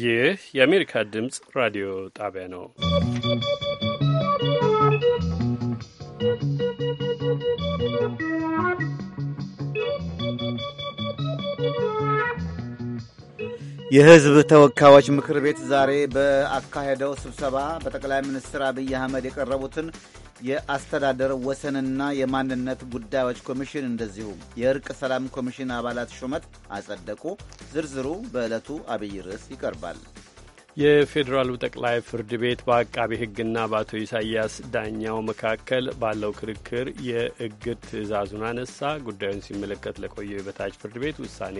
ይህ የአሜሪካ ድምፅ ራዲዮ ጣቢያ ነው። የሕዝብ ተወካዮች ምክር ቤት ዛሬ በአካሄደው ስብሰባ በጠቅላይ ሚኒስትር አብይ አህመድ የቀረቡትን የአስተዳደር ወሰንና የማንነት ጉዳዮች ኮሚሽን እንደዚሁም የእርቅ ሰላም ኮሚሽን አባላት ሹመት አጸደቁ። ዝርዝሩ በዕለቱ አብይ ርዕስ ይቀርባል። የፌዴራሉ ጠቅላይ ፍርድ ቤት በአቃቢ ሕግና በአቶ ኢሳያስ ዳኛው መካከል ባለው ክርክር የእግድ ትዕዛዙን አነሳ። ጉዳዩን ሲመለከት ለቆየው የበታች ፍርድ ቤት ውሳኔ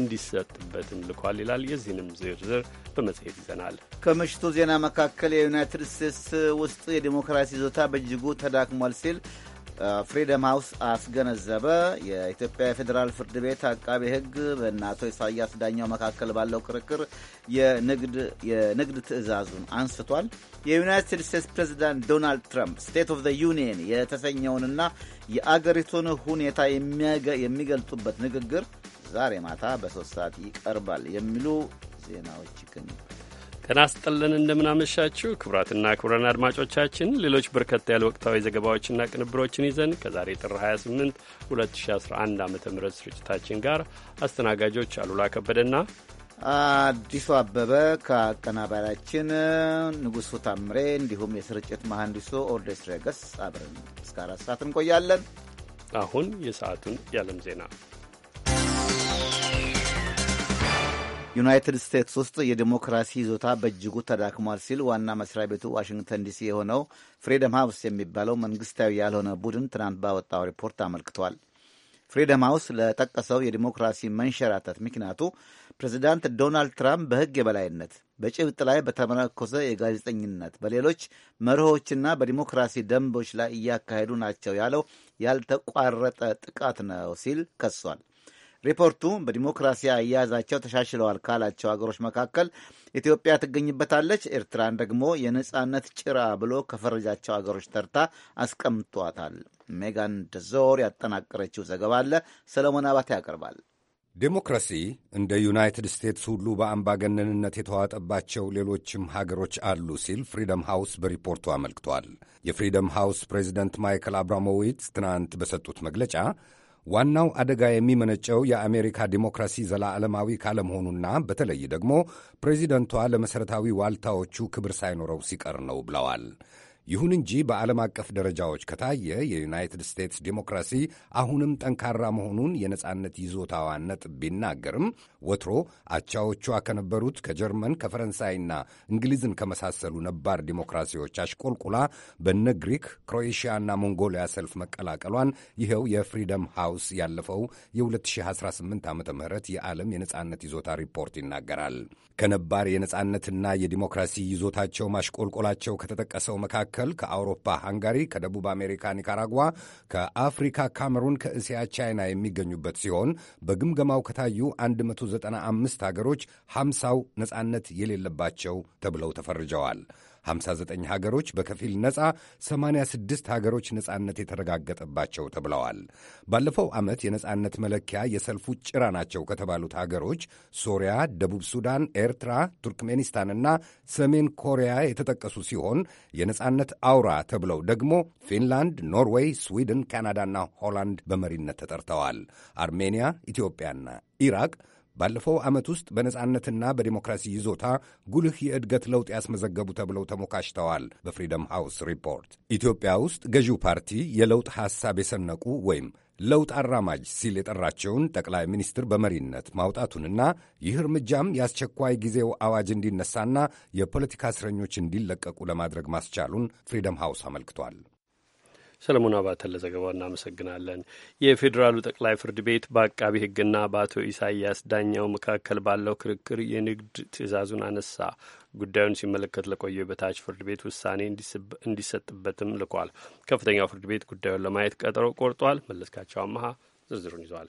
እንዲሰጥበትም ልኳል ይላል። የዚህንም ዝርዝር በመጽሔት ይዘናል። ከምሽቱ ዜና መካከል የዩናይትድ ስቴትስ ውስጥ የዲሞክራሲ ይዞታ በእጅጉ ተዳክሟል ሲል ፍሪደም ሃውስ አስገነዘበ። የኢትዮጵያ የፌዴራል ፍርድ ቤት አቃቤ ሕግ በእነ አቶ ኢሳያስ ዳኛው መካከል ባለው ክርክር የንግድ ትዕዛዙን አንስቷል። የዩናይትድ ስቴትስ ፕሬዚዳንት ዶናልድ ትራምፕ ስቴት ኦፍ ዘ ዩኒየን የተሰኘውንና የአገሪቱን ሁኔታ የሚገልጡበት ንግግር ዛሬ ማታ በሶስት ሰዓት ይቀርባል የሚሉ ዜናዎች ይገኛል። ጤና ይስጥልን እንደምናመሻችሁ ክቡራትና ክቡራን አድማጮቻችን ሌሎች በርከት ያለ ወቅታዊ ዘገባዎችና ቅንብሮችን ይዘን ከዛሬ ጥር 28 2011 ዓ ም ስርጭታችን ጋር አስተናጋጆች አሉላ ከበደና አዲሱ አበበ ከአቀናባሪያችን ንጉሱ ታምሬ እንዲሁም የስርጭት መሐንዲሱ ኦርዴስ ረገስ አብረን እስከ አራት ሰዓት እንቆያለን። አሁን የሰዓቱን የዓለም ዜና ዩናይትድ ስቴትስ ውስጥ የዲሞክራሲ ይዞታ በእጅጉ ተዳክሟል ሲል ዋና መስሪያ ቤቱ ዋሽንግተን ዲሲ የሆነው ፍሪደም ሃውስ የሚባለው መንግስታዊ ያልሆነ ቡድን ትናንት ባወጣው ሪፖርት አመልክቷል። ፍሪደም ሃውስ ለጠቀሰው የዲሞክራሲ መንሸራተት ምክንያቱ ፕሬዚዳንት ዶናልድ ትራምፕ በህግ የበላይነት በጭብጥ ላይ በተመረኮዘ የጋዜጠኝነት በሌሎች መርሆችና በዲሞክራሲ ደንቦች ላይ እያካሄዱ ናቸው ያለው ያልተቋረጠ ጥቃት ነው ሲል ከሷል። ሪፖርቱ በዲሞክራሲ አያያዛቸው ተሻሽለዋል ካላቸው ሀገሮች መካከል ኢትዮጵያ ትገኝበታለች። ኤርትራን ደግሞ የነጻነት ጭራ ብሎ ከፈረጃቸው ሀገሮች ተርታ አስቀምጧታል። ሜጋን ደዞር ያጠናቀረችው ዘገባ አለ። ሰለሞን አባቴ ያቀርባል። ዴሞክራሲ እንደ ዩናይትድ ስቴትስ ሁሉ በአምባገነንነት የተዋጠባቸው ሌሎችም ሀገሮች አሉ ሲል ፍሪደም ሃውስ በሪፖርቱ አመልክቷል። የፍሪደም ሃውስ ፕሬዚደንት ማይክል አብራሞዊትስ ትናንት በሰጡት መግለጫ ዋናው አደጋ የሚመነጨው የአሜሪካ ዲሞክራሲ ዘላለማዊ ካለመሆኑና በተለይ ደግሞ ፕሬዚደንቷ ለመሠረታዊ ዋልታዎቹ ክብር ሳይኖረው ሲቀር ነው ብለዋል። ይሁን እንጂ በዓለም አቀፍ ደረጃዎች ከታየ የዩናይትድ ስቴትስ ዲሞክራሲ አሁንም ጠንካራ መሆኑን የነጻነት ይዞታዋ ነጥብ ቢናገርም ወትሮ አቻዎቿ ከነበሩት ከጀርመን ከፈረንሳይና እንግሊዝን ከመሳሰሉ ነባር ዲሞክራሲዎች አሽቆልቁላ በነ ግሪክ፣ ክሮኤሽያና ሞንጎሊያ ሰልፍ መቀላቀሏን ይኸው የፍሪደም ሃውስ ያለፈው የ2018 ዓ ም የዓለም የነጻነት ይዞታ ሪፖርት ይናገራል። ከነባር የነጻነትና የዲሞክራሲ ይዞታቸው ማሽቆልቆላቸው ከተጠቀሰው መካከል መካከል ከአውሮፓ ሃንጋሪ፣ ከደቡብ አሜሪካ ኒካራጓ፣ ከአፍሪካ ካሜሩን፣ ከእስያ ቻይና የሚገኙበት ሲሆን በግምገማው ከታዩ 195 ሀገሮች 50ው ነጻነት የሌለባቸው ተብለው ተፈርጀዋል። 59 ሀገሮች በከፊል ነጻ፣ 86 ሀገሮች ነጻነት የተረጋገጠባቸው ተብለዋል። ባለፈው ዓመት የነጻነት መለኪያ የሰልፉ ጭራ ናቸው ከተባሉት ሀገሮች ሶሪያ፣ ደቡብ ሱዳን፣ ኤርትራ፣ ቱርክሜኒስታንና ሰሜን ኮሪያ የተጠቀሱ ሲሆን የነጻነት አውራ ተብለው ደግሞ ፊንላንድ፣ ኖርዌይ፣ ስዊድን፣ ካናዳና ሆላንድ በመሪነት ተጠርተዋል። አርሜንያ፣ ኢትዮጵያና ኢራቅ ባለፈው ዓመት ውስጥ በነጻነትና በዲሞክራሲ ይዞታ ጉልህ የእድገት ለውጥ ያስመዘገቡ ተብለው ተሞካሽተዋል። በፍሪደም ሃውስ ሪፖርት ኢትዮጵያ ውስጥ ገዢው ፓርቲ የለውጥ ሐሳብ የሰነቁ ወይም ለውጥ አራማጅ ሲል የጠራቸውን ጠቅላይ ሚኒስትር በመሪነት ማውጣቱንና ይህ እርምጃም የአስቸኳይ ጊዜው አዋጅ እንዲነሳና የፖለቲካ እስረኞች እንዲለቀቁ ለማድረግ ማስቻሉን ፍሪደም ሃውስ አመልክቷል። ሰለሞን አባተን ለዘገባው እናመሰግናለን። የፌዴራሉ ጠቅላይ ፍርድ ቤት በአቃቢ ሕግና በአቶ ኢሳያስ ዳኛው መካከል ባለው ክርክር የንግድ ትዕዛዙን አነሳ። ጉዳዩን ሲመለከት ለቆየ በታች ፍርድ ቤት ውሳኔ እንዲሰጥበትም ልኳል። ከፍተኛው ፍርድ ቤት ጉዳዩን ለማየት ቀጠሮ ቆርጧል። መለስካቸው አመሃ ዝርዝሩን ይዟል።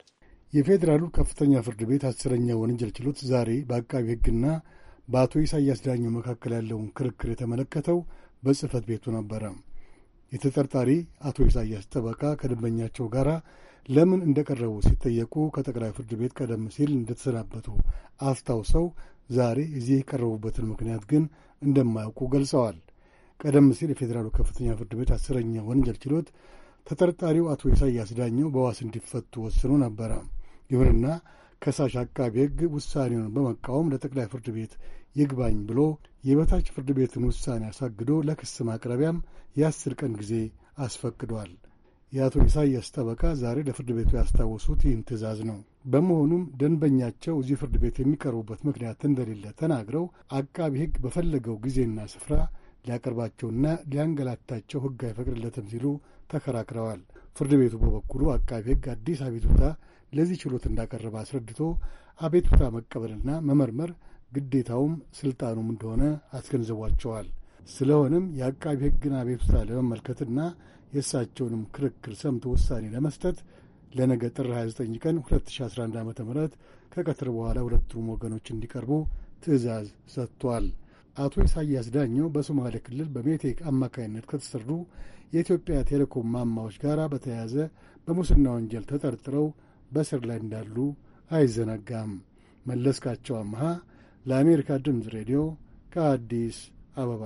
የፌዴራሉ ከፍተኛ ፍርድ ቤት አስረኛ ወንጀል ችሎት ዛሬ በአቃቢ ሕግና በአቶ ኢሳያስ ዳኛው መካከል ያለውን ክርክር የተመለከተው በጽህፈት ቤቱ ነበረ። የተጠርጣሪ አቶ ኢሳያስ ጠበቃ ከደንበኛቸው ጋር ለምን እንደቀረቡ ሲጠየቁ ከጠቅላይ ፍርድ ቤት ቀደም ሲል እንደተሰናበቱ አስታውሰው ዛሬ እዚህ የቀረቡበትን ምክንያት ግን እንደማያውቁ ገልጸዋል። ቀደም ሲል የፌዴራሉ ከፍተኛ ፍርድ ቤት አስረኛ ወንጀል ችሎት ተጠርጣሪው አቶ ኢሳያስ ዳኘው በዋስ እንዲፈቱ ወስኖ ነበረ። ይሁንና ከሳሽ አቃቤ ሕግ ውሳኔውን በመቃወም ለጠቅላይ ፍርድ ቤት ይግባኝ ብሎ የበታች ፍርድ ቤትን ውሳኔ አሳግዶ ለክስ ማቅረቢያም የአስር ቀን ጊዜ አስፈቅዷል። የአቶ ኢሳያስ ጠበቃ ዛሬ ለፍርድ ቤቱ ያስታወሱት ይህን ትዕዛዝ ነው። በመሆኑም ደንበኛቸው እዚህ ፍርድ ቤት የሚቀርቡበት ምክንያት እንደሌለ ተናግረው አቃቢ ሕግ በፈለገው ጊዜና ስፍራ ሊያቀርባቸውና ሊያንገላታቸው ሕግ አይፈቅድለትም ሲሉ ተከራክረዋል። ፍርድ ቤቱ በበኩሉ አቃቢ ሕግ አዲስ አቤቱታ ለዚህ ችሎት እንዳቀረበ አስረድቶ አቤቱታ መቀበልና መመርመር ግዴታውም ስልጣኑም እንደሆነ አስገንዝቧቸዋል። ስለሆነም የአቃቢ ሕግን አቤቱታ ለመመልከትና የእሳቸውንም ክርክር ሰምቶ ውሳኔ ለመስጠት ለነገ ጥር 29 ቀን 2011 ዓ ም ከቀትር በኋላ ሁለቱም ወገኖች እንዲቀርቡ ትዕዛዝ ሰጥቷል። አቶ ኢሳያስ ዳኘው በሶማሌ ክልል በሜቴክ አማካኝነት ከተሰሩ የኢትዮጵያ ቴሌኮም ማማዎች ጋር በተያያዘ በሙስና ወንጀል ተጠርጥረው በስር ላይ እንዳሉ አይዘነጋም። መለስካቸው አምሃ ለአሜሪካ ድምፅ ሬዲዮ ከአዲስ አበባ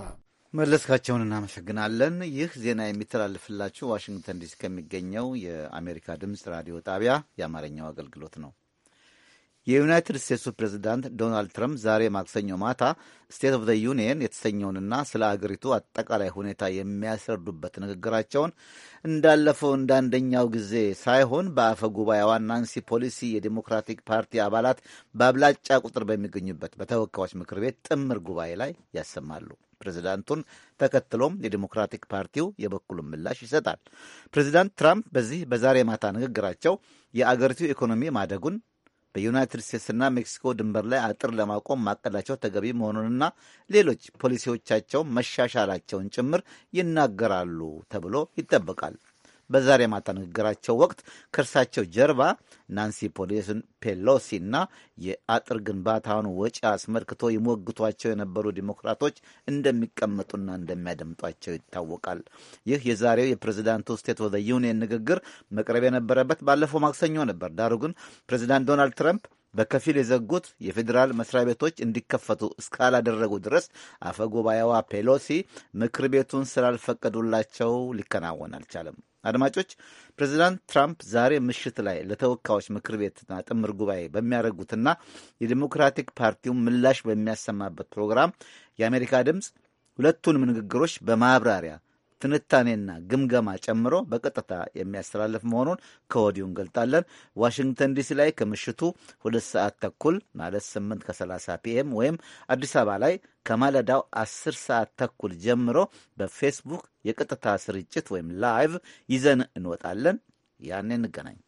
መለስካቸውን እናመሰግናለን። ይህ ዜና የሚተላልፍላችሁ ዋሽንግተን ዲሲ ከሚገኘው የአሜሪካ ድምፅ ራዲዮ ጣቢያ የአማርኛው አገልግሎት ነው። የዩናይትድ ስቴትሱ ፕሬዚዳንት ዶናልድ ትራምፕ ዛሬ ማክሰኞ ማታ ስቴት ኦፍ ዘ ዩኒየን የተሰኘውንና ስለ አገሪቱ አጠቃላይ ሁኔታ የሚያስረዱበት ንግግራቸውን እንዳለፈው እንደ አንደኛው ጊዜ ሳይሆን በአፈ ጉባኤዋ ናንሲ ፖሊሲ የዲሞክራቲክ ፓርቲ አባላት በአብላጫ ቁጥር በሚገኙበት በተወካዮች ምክር ቤት ጥምር ጉባኤ ላይ ያሰማሉ። ፕሬዚዳንቱን ተከትሎም የዲሞክራቲክ ፓርቲው የበኩሉን ምላሽ ይሰጣል። ፕሬዚዳንት ትራምፕ በዚህ በዛሬ ማታ ንግግራቸው የአገሪቱ ኢኮኖሚ ማደጉን በዩናይትድ ስቴትስና ሜክሲኮ ድንበር ላይ አጥር ለማቆም ማቀዳቸው ተገቢ መሆኑንና ሌሎች ፖሊሲዎቻቸው መሻሻላቸውን ጭምር ይናገራሉ ተብሎ ይጠበቃል። በዛሬ ማታ ንግግራቸው ወቅት ከእርሳቸው ጀርባ ናንሲ ፔሎሲና የአጥር ግንባታውን ወጪ አስመልክቶ ይሞግቷቸው የነበሩ ዲሞክራቶች እንደሚቀመጡና እንደሚያደምጧቸው ይታወቃል። ይህ የዛሬው የፕሬዚዳንቱ ስቴት ኦፍ ዘ ዩኒየን ንግግር መቅረብ የነበረበት ባለፈው ማክሰኞ ነበር። ዳሩ ግን ፕሬዚዳንት ዶናልድ ትራምፕ በከፊል የዘጉት የፌዴራል መስሪያ ቤቶች እንዲከፈቱ እስካላደረጉ ድረስ አፈ ጉባኤዋ ፔሎሲ ምክር ቤቱን ስላልፈቀዱላቸው ሊከናወን አልቻለም። አድማጮች ፕሬዚዳንት ትራምፕ ዛሬ ምሽት ላይ ለተወካዮች ምክር ቤትና ጥምር ጉባኤ በሚያደርጉትና የዲሞክራቲክ ፓርቲውን ምላሽ በሚያሰማበት ፕሮግራም የአሜሪካ ድምፅ ሁለቱንም ንግግሮች በማብራሪያ ትንታኔና ግምገማ ጨምሮ በቀጥታ የሚያስተላልፍ መሆኑን ከወዲሁ እንገልጣለን። ዋሽንግተን ዲሲ ላይ ከምሽቱ ሁለት ሰዓት ተኩል ማለት 8 ከ30 ፒኤም ወይም አዲስ አበባ ላይ ከማለዳው 10 ሰዓት ተኩል ጀምሮ በፌስቡክ የቀጥታ ስርጭት ወይም ላይቭ ይዘን እንወጣለን። ያኔ እንገናኝ።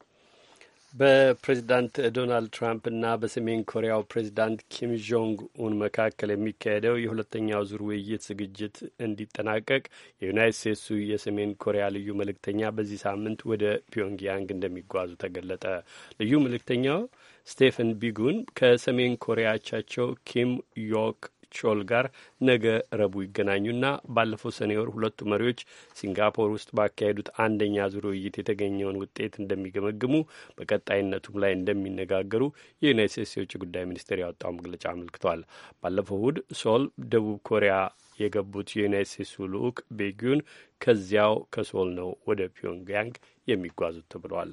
በፕሬዚዳንት ዶናልድ ትራምፕ እና በሰሜን ኮሪያው ፕሬዚዳንት ኪም ጆንግ ኡን መካከል የሚካሄደው የሁለተኛው ዙር ውይይት ዝግጅት እንዲጠናቀቅ የዩናይት ስቴትሱ የሰሜን ኮሪያ ልዩ መልእክተኛ በዚህ ሳምንት ወደ ፒዮንግያንግ እንደሚጓዙ ተገለጠ። ልዩ መልእክተኛው ስቴፈን ቢጉን ከሰሜን ኮሪያቻቸው ኪም ዮክ ቾል ጋር ነገ ረቡዕ ይገናኙና ባለፈው ሰኔ ወር ሁለቱ መሪዎች ሲንጋፖር ውስጥ ባካሄዱት አንደኛ ዙር ውይይት የተገኘውን ውጤት እንደሚገመግሙ፣ በቀጣይነቱም ላይ እንደሚነጋገሩ የዩናይት ስቴትስ የውጭ ጉዳይ ሚኒስቴር ያወጣው መግለጫ አመልክቷል። ባለፈው እሁድ ሶል ደቡብ ኮሪያ የገቡት የዩናይት ስቴትሱ ልዑክ ቤጊዩን ከዚያው ከሶል ነው ወደ ፒዮንግያንግ የሚጓዙት ተብሏል።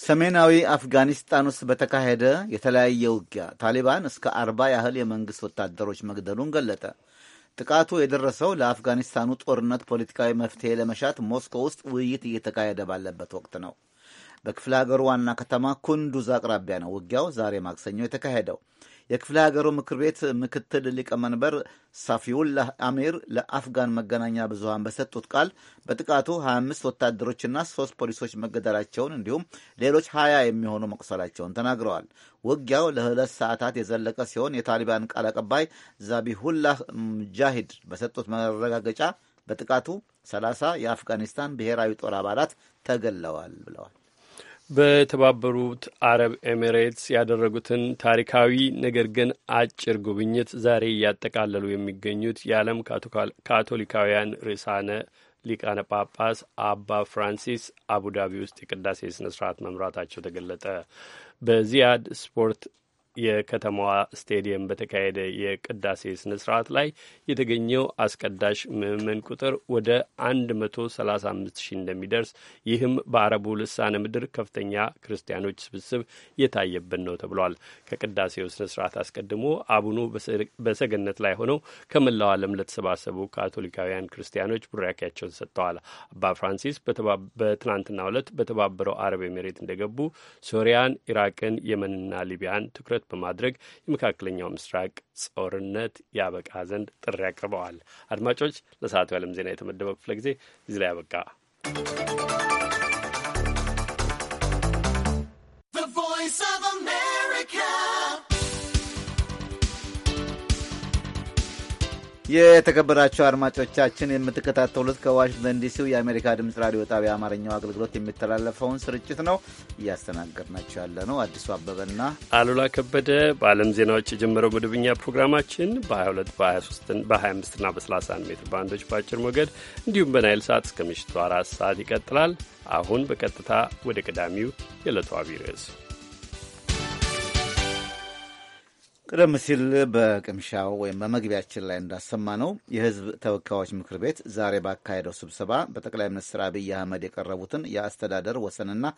ሰሜናዊ አፍጋኒስታን ውስጥ በተካሄደ የተለያየ ውጊያ ታሊባን እስከ አርባ ያህል የመንግሥት ወታደሮች መግደሉን ገለጠ። ጥቃቱ የደረሰው ለአፍጋኒስታኑ ጦርነት ፖለቲካዊ መፍትሔ ለመሻት ሞስኮ ውስጥ ውይይት እየተካሄደ ባለበት ወቅት ነው። በክፍለ ሀገሩ ዋና ከተማ ኩንዱዝ አቅራቢያ ነው ውጊያው ዛሬ ማክሰኞ የተካሄደው። የክፍለ ሀገሩ ምክር ቤት ምክትል ሊቀመንበር ሳፊውላህ አሚር ለአፍጋን መገናኛ ብዙሀን በሰጡት ቃል በጥቃቱ 25 ወታደሮችና ሶስት ፖሊሶች መገደላቸውን እንዲሁም ሌሎች 20 የሚሆኑ መቁሰላቸውን ተናግረዋል። ውጊያው ለሁለት ሰዓታት የዘለቀ ሲሆን የታሊባን ቃል አቀባይ ዛቢሁላህ ሙጃሂድ በሰጡት መረጋገጫ በጥቃቱ 30 የአፍጋኒስታን ብሔራዊ ጦር አባላት ተገለዋል ብለዋል። በተባበሩት አረብ ኤሚሬትስ ያደረጉትን ታሪካዊ ነገር ግን አጭር ጉብኝት ዛሬ እያጠቃለሉ የሚገኙት የዓለም ካቶሊካውያን ርዕሳነ ሊቃነ ጳጳስ አባ ፍራንሲስ አቡዳቢ ውስጥ የቅዳሴ ስነ ስርዓት መምራታቸው ተገለጠ። በዚያድ ስፖርት የከተማዋ ስቴዲየም በተካሄደ የቅዳሴ ስነ ስርዓት ላይ የተገኘው አስቀዳሽ ምዕመን ቁጥር ወደ 135 ሺህ እንደሚደርስ ይህም በአረቡ ልሳነ ምድር ከፍተኛ ክርስቲያኖች ስብስብ የታየብን ነው ተብሏል። ከቅዳሴው ስነ ስርዓት አስቀድሞ አቡኑ በሰገነት ላይ ሆነው ከመላው ዓለም ለተሰባሰቡ ካቶሊካውያን ክርስቲያኖች ቡራኬያቸውን ሰጥተዋል። አባ ፍራንሲስ በትናንትናው ዕለት በተባበረው አረብ ኤሜሬት እንደገቡ ሶሪያን፣ ኢራቅን፣ የመንና ሊቢያን ትኩረት ትኩረት በማድረግ የመካከለኛው ምስራቅ ጦርነት ያበቃ ዘንድ ጥሪ አቅርበዋል። አድማጮች፣ ለሰዓቱ የዓለም ዜና የተመደበው ክፍለ ጊዜ እዚህ ላይ ያበቃ። የተከበራቸው አድማጮቻችን የምትከታተሉት ከዋሽንግተን ዲሲው የአሜሪካ ድምፅ ራዲዮ ጣቢያ አማርኛው አገልግሎት የሚተላለፈውን ስርጭት ነው። እያስተናገድናቸው ያለ ነው አዲሱ አበበና አሉላ ከበደ። በዓለም ዜናዎች የጀመረው መደበኛ ፕሮግራማችን በ22 በ25ና በ31 ሜትር ባንዶች በአጭር ሞገድ እንዲሁም በናይል ሰዓት እስከ ምሽቱ አራት ሰዓት ይቀጥላል። አሁን በቀጥታ ወደ ቀዳሚው የዕለቱ አብይ ርዕስ ቀደም ሲል በቅምሻው ወይም በመግቢያችን ላይ እንዳሰማ ነው የህዝብ ተወካዮች ምክር ቤት ዛሬ ባካሄደው ስብሰባ በጠቅላይ ሚኒስትር አብይ አህመድ የቀረቡትን የአስተዳደር ወሰንና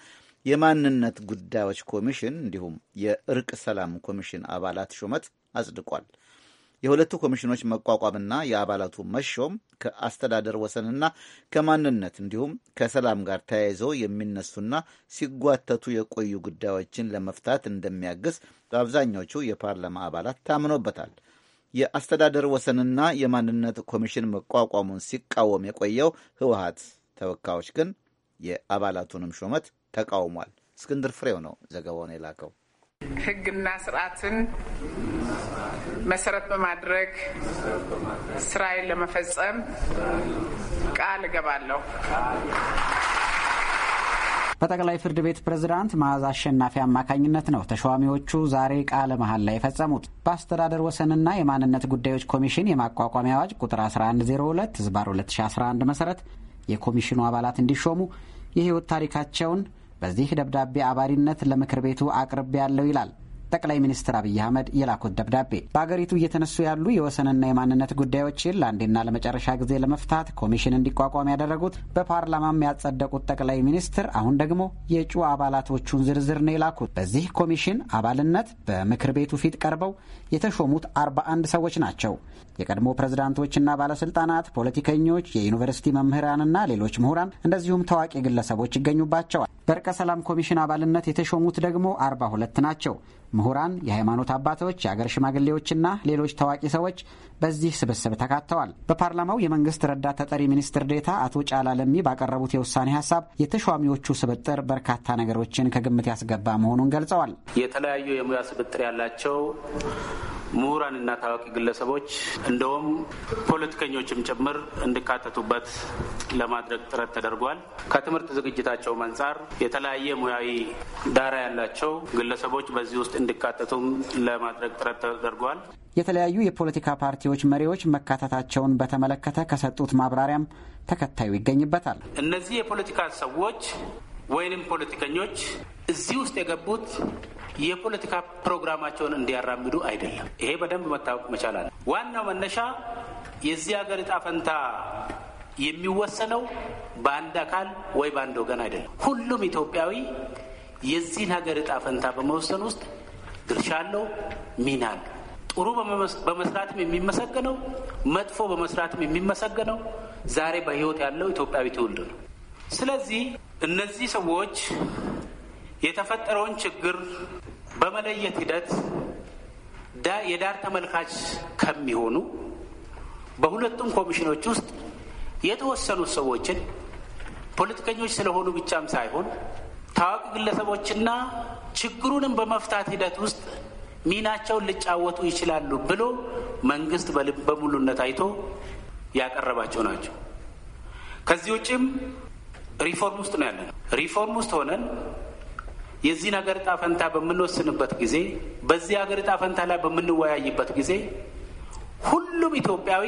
የማንነት ጉዳዮች ኮሚሽን እንዲሁም የእርቅ ሰላም ኮሚሽን አባላት ሹመት አጽድቋል። የሁለቱ ኮሚሽኖች መቋቋምና የአባላቱ መሾም ከአስተዳደር ወሰንና ከማንነት እንዲሁም ከሰላም ጋር ተያይዘው የሚነሱና ሲጓተቱ የቆዩ ጉዳዮችን ለመፍታት እንደሚያግዝ በአብዛኛዎቹ የፓርላማ አባላት ታምኖበታል። የአስተዳደር ወሰንና የማንነት ኮሚሽን መቋቋሙን ሲቃወም የቆየው ህወሀት ተወካዮች ግን የአባላቱንም ሹመት ተቃውሟል። እስክንድር ፍሬው ነው ዘገባውን የላከው። ህግና ስርዓትን መሰረት በማድረግ ስራዬን ለመፈጸም ቃል እገባለሁ። በጠቅላይ ፍርድ ቤት ፕሬዝዳንት መዓዛ አሸናፊ አማካኝነት ነው ተሿሚዎቹ ዛሬ ቃለ መሐላ የፈጸሙት። በአስተዳደር ወሰንና የማንነት ጉዳዮች ኮሚሽን የማቋቋሚያ አዋጅ ቁጥር 1102 2011 መሰረት የኮሚሽኑ አባላት እንዲሾሙ የህይወት ታሪካቸውን በዚህ ደብዳቤ አባሪነት ለምክር ቤቱ አቅርቤ ያለው ይላል። ጠቅላይ ሚኒስትር አብይ አህመድ የላኩት ደብዳቤ በአገሪቱ እየተነሱ ያሉ የወሰንና የማንነት ጉዳዮችን ለአንዴና ለመጨረሻ ጊዜ ለመፍታት ኮሚሽን እንዲቋቋም ያደረጉት በፓርላማም ያጸደቁት ጠቅላይ ሚኒስትር አሁን ደግሞ የእጩ አባላቶቹን ዝርዝር ነው የላኩት። በዚህ ኮሚሽን አባልነት በምክር ቤቱ ፊት ቀርበው የተሾሙት 41 ሰዎች ናቸው። የቀድሞ ፕሬዝዳንቶችና ባለስልጣናት፣ ፖለቲከኞች፣ የዩኒቨርሲቲ መምህራንና ሌሎች ምሁራን እንደዚሁም ታዋቂ ግለሰቦች ይገኙባቸዋል። በእርቀ ሰላም ኮሚሽን አባልነት የተሾሙት ደግሞ አርባ ሁለት ናቸው። ምሁራን፣ የሃይማኖት አባቶች፣ የአገር ሽማግሌዎችና ሌሎች ታዋቂ ሰዎች በዚህ ስብስብ ተካተዋል። በፓርላማው የመንግስት ረዳት ተጠሪ ሚኒስትር ዴታ አቶ ጫላ ለሚ ባቀረቡት የውሳኔ ሀሳብ የተሿሚዎቹ ስብጥር በርካታ ነገሮችን ከግምት ያስገባ መሆኑን ገልጸዋል። የተለያዩ የሙያ ስብጥር ያላቸው ምሁራንና ታዋቂ ግለሰቦች እንደውም ፖለቲከኞችም ጭምር እንዲካተቱበት ለማድረግ ጥረት ተደርጓል። ከትምህርት ዝግጅታቸውም አንጻር የተለያየ ሙያዊ ዳራ ያላቸው ግለሰቦች በዚህ ውስጥ እንዲካተቱም ለማድረግ ጥረት ተደርጓል። የተለያዩ የፖለቲካ ፓርቲዎች መሪዎች መካተታቸውን በተመለከተ ከሰጡት ማብራሪያም ተከታዩ ይገኝበታል። እነዚህ የፖለቲካ ሰዎች ወይንም ፖለቲከኞች እዚህ ውስጥ የገቡት የፖለቲካ ፕሮግራማቸውን እንዲያራምዱ አይደለም። ይሄ በደንብ መታወቅ መቻል አለ። ዋናው መነሻ የዚህ ሀገር እጣ ፈንታ የሚወሰነው በአንድ አካል ወይ በአንድ ወገን አይደለም። ሁሉም ኢትዮጵያዊ የዚህን ሀገር እጣ ፈንታ በመወሰን ውስጥ ድርሻ አለው፣ ሚና አለው። ጥሩ በመስራትም የሚመሰገነው፣ መጥፎ በመስራትም የሚመሰገነው ዛሬ በህይወት ያለው ኢትዮጵያዊ ትውልድ ነው። ስለዚህ እነዚህ ሰዎች የተፈጠረውን ችግር በመለየት ሂደት የዳር ተመልካች ከሚሆኑ በሁለቱም ኮሚሽኖች ውስጥ የተወሰኑት ሰዎችን ፖለቲከኞች ስለሆኑ ብቻም ሳይሆን ታዋቂ ግለሰቦችና ችግሩንም በመፍታት ሂደት ውስጥ ሚናቸውን ሊጫወቱ ይችላሉ ብሎ መንግስት በልበ ሙሉነት አይቶ ያቀረባቸው ናቸው። ከዚህ ውጭም ሪፎርም ውስጥ ነው ያለን። ሪፎርም ውስጥ ሆነን የዚህን ሀገር እጣ ፈንታ በምንወስንበት ጊዜ፣ በዚህ ሀገር እጣ ፈንታ ላይ በምንወያይበት ጊዜ ሁሉም ኢትዮጵያዊ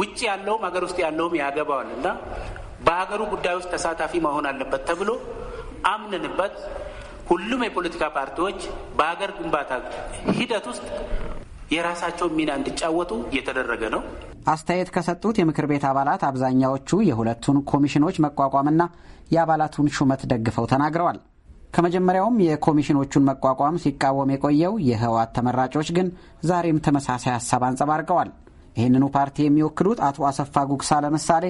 ውጭ ያለውም ሀገር ውስጥ ያለውም ያገባዋል እና በሀገሩ ጉዳይ ውስጥ ተሳታፊ መሆን አለበት ተብሎ አምንንበት ሁሉም የፖለቲካ ፓርቲዎች በሀገር ግንባታ ሂደት ውስጥ የራሳቸውን ሚና እንዲጫወቱ እየተደረገ ነው። አስተያየት ከሰጡት የምክር ቤት አባላት አብዛኛዎቹ የሁለቱን ኮሚሽኖች መቋቋምና የአባላቱን ሹመት ደግፈው ተናግረዋል። ከመጀመሪያውም የኮሚሽኖቹን መቋቋም ሲቃወም የቆየው የህወሓት ተመራጮች ግን ዛሬም ተመሳሳይ ሀሳብ አንጸባርቀዋል። ይህንኑ ፓርቲ የሚወክሉት አቶ አሰፋ ጉግሳ ለምሳሌ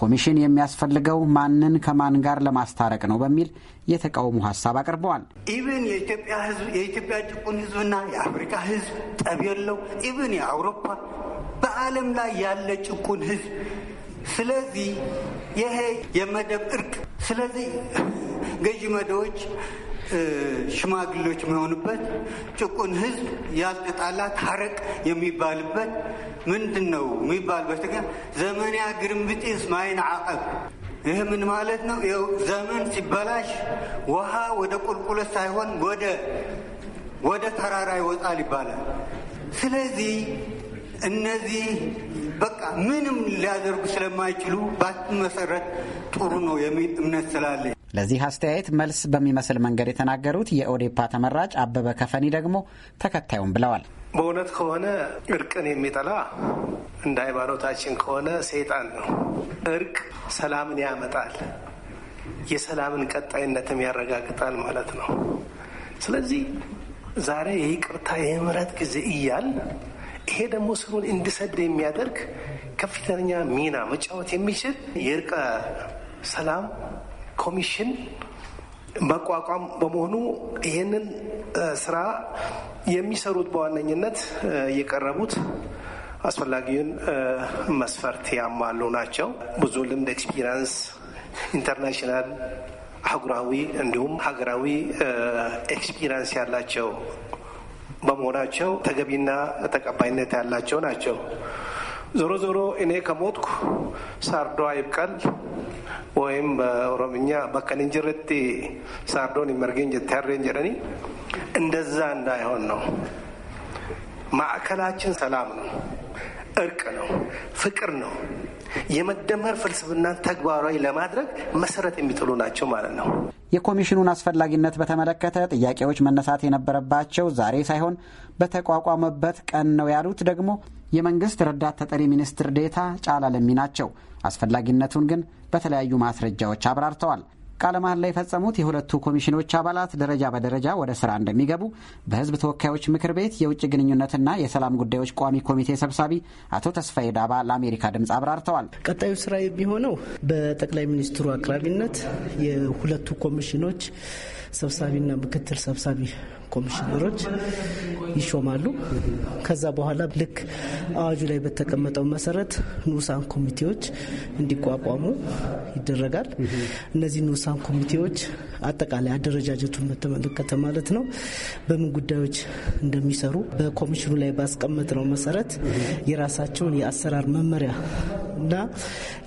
ኮሚሽን የሚያስፈልገው ማንን ከማን ጋር ለማስታረቅ ነው በሚል የተቃውሞ ሀሳብ አቅርበዋል። ኢቨን የኢትዮጵያ ህዝብ የኢትዮጵያ ጭቁን ህዝብና የአፍሪካ ህዝብ ጠብ የለው ኢቨን የአውሮፓ በዓለም ላይ ያለ ጭቁን ህዝብ። ስለዚህ ይሄ የመደብ እርቅ፣ ስለዚህ ገዢ መደቦች ሽማግሌዎች የሚሆኑበት ጭቁን ህዝብ ያልተጣላ ታረቅ የሚባልበት ምንድን ነው የሚባልበት ዘመንያ ግርምብጢስ ማይን አቀብ ይህ ምን ማለት ነው? ዘመን ሲበላሽ ውሃ ወደ ቁልቁለት ሳይሆን ወደ ወደ ተራራ ይወጣል ይባላል። ስለዚህ እነዚህ በቃ ምንም ሊያደርጉ ስለማይችሉ ባትመሰረት ጥሩ ነው የሚል እምነት ስላለ ለዚህ አስተያየት መልስ በሚመስል መንገድ የተናገሩት የኦዴፓ ተመራጭ አበበ ከፈኒ ደግሞ ተከታዩም ብለዋል። በእውነት ከሆነ እርቅን የሚጠላ እንደ ሃይማኖታችን ከሆነ ሰይጣን ነው። እርቅ ሰላምን ያመጣል፣ የሰላምን ቀጣይነትም ያረጋግጣል ማለት ነው። ስለዚህ ዛሬ የይቅርታ የምህረት ጊዜ እያል ይሄ ደግሞ ስሩን እንዲሰድ የሚያደርግ ከፍተኛ ሚና መጫወት የሚችል የእርቀ ሰላም ኮሚሽን መቋቋም በመሆኑ ይህንን ስራ የሚሰሩት በዋነኝነት የቀረቡት አስፈላጊውን መስፈርት ያሟሉ ናቸው። ብዙ ልምድ፣ ኤክስፒሪንስ፣ ኢንተርናሽናል፣ አህጉራዊ እንዲሁም ሀገራዊ ኤክስፒሪንስ ያላቸው በመሆናቸው ተገቢና ተቀባይነት ያላቸው ናቸው። ዞሮ ዞሮ እኔ ከሞትኩ ሳርዶ አይብቀል ወይም በኦሮምኛ በከንንጅርቲ ሳርዶን ይመርጌን ጀታሬን ጀረኒ እንደዛ እንዳይሆን ነው። ማዕከላችን ሰላም ነው፣ እርቅ ነው፣ ፍቅር ነው። የመደመር ፍልስፍናን ተግባራዊ ለማድረግ መሰረት የሚጥሉ ናቸው ማለት ነው። የኮሚሽኑን አስፈላጊነት በተመለከተ ጥያቄዎች መነሳት የነበረባቸው ዛሬ ሳይሆን በተቋቋመበት ቀን ነው ያሉት ደግሞ የመንግስት ረዳት ተጠሪ ሚኒስትር ዴታ ጫላ ለሚ ናቸው። አስፈላጊነቱን ግን በተለያዩ ማስረጃዎች አብራርተዋል። ቃለ መሐላ የፈጸሙት የሁለቱ ኮሚሽኖች አባላት ደረጃ በደረጃ ወደ ስራ እንደሚገቡ በህዝብ ተወካዮች ምክር ቤት የውጭ ግንኙነትና የሰላም ጉዳዮች ቋሚ ኮሚቴ ሰብሳቢ አቶ ተስፋዬ ዳባ ለአሜሪካ ድምፅ አብራርተዋል። ቀጣዩ ስራ የሚሆነው በጠቅላይ ሚኒስትሩ አቅራቢነት የሁለቱ ኮሚሽኖች ሰብሳቢና ምክትል ሰብሳቢ ኮሚሽነሮች ይሾማሉ። ከዛ በኋላ ልክ አዋጁ ላይ በተቀመጠው መሰረት ንዑሳን ኮሚቴዎች እንዲቋቋሙ ይደረጋል። እነዚህ ንዑሳን ኮሚቴዎች አጠቃላይ አደረጃጀቱን በተመለከተ ማለት ነው በምን ጉዳዮች እንደሚሰሩ በኮሚሽኑ ላይ ባስቀመጥነው መሰረት የራሳቸውን የአሰራር መመሪያ እና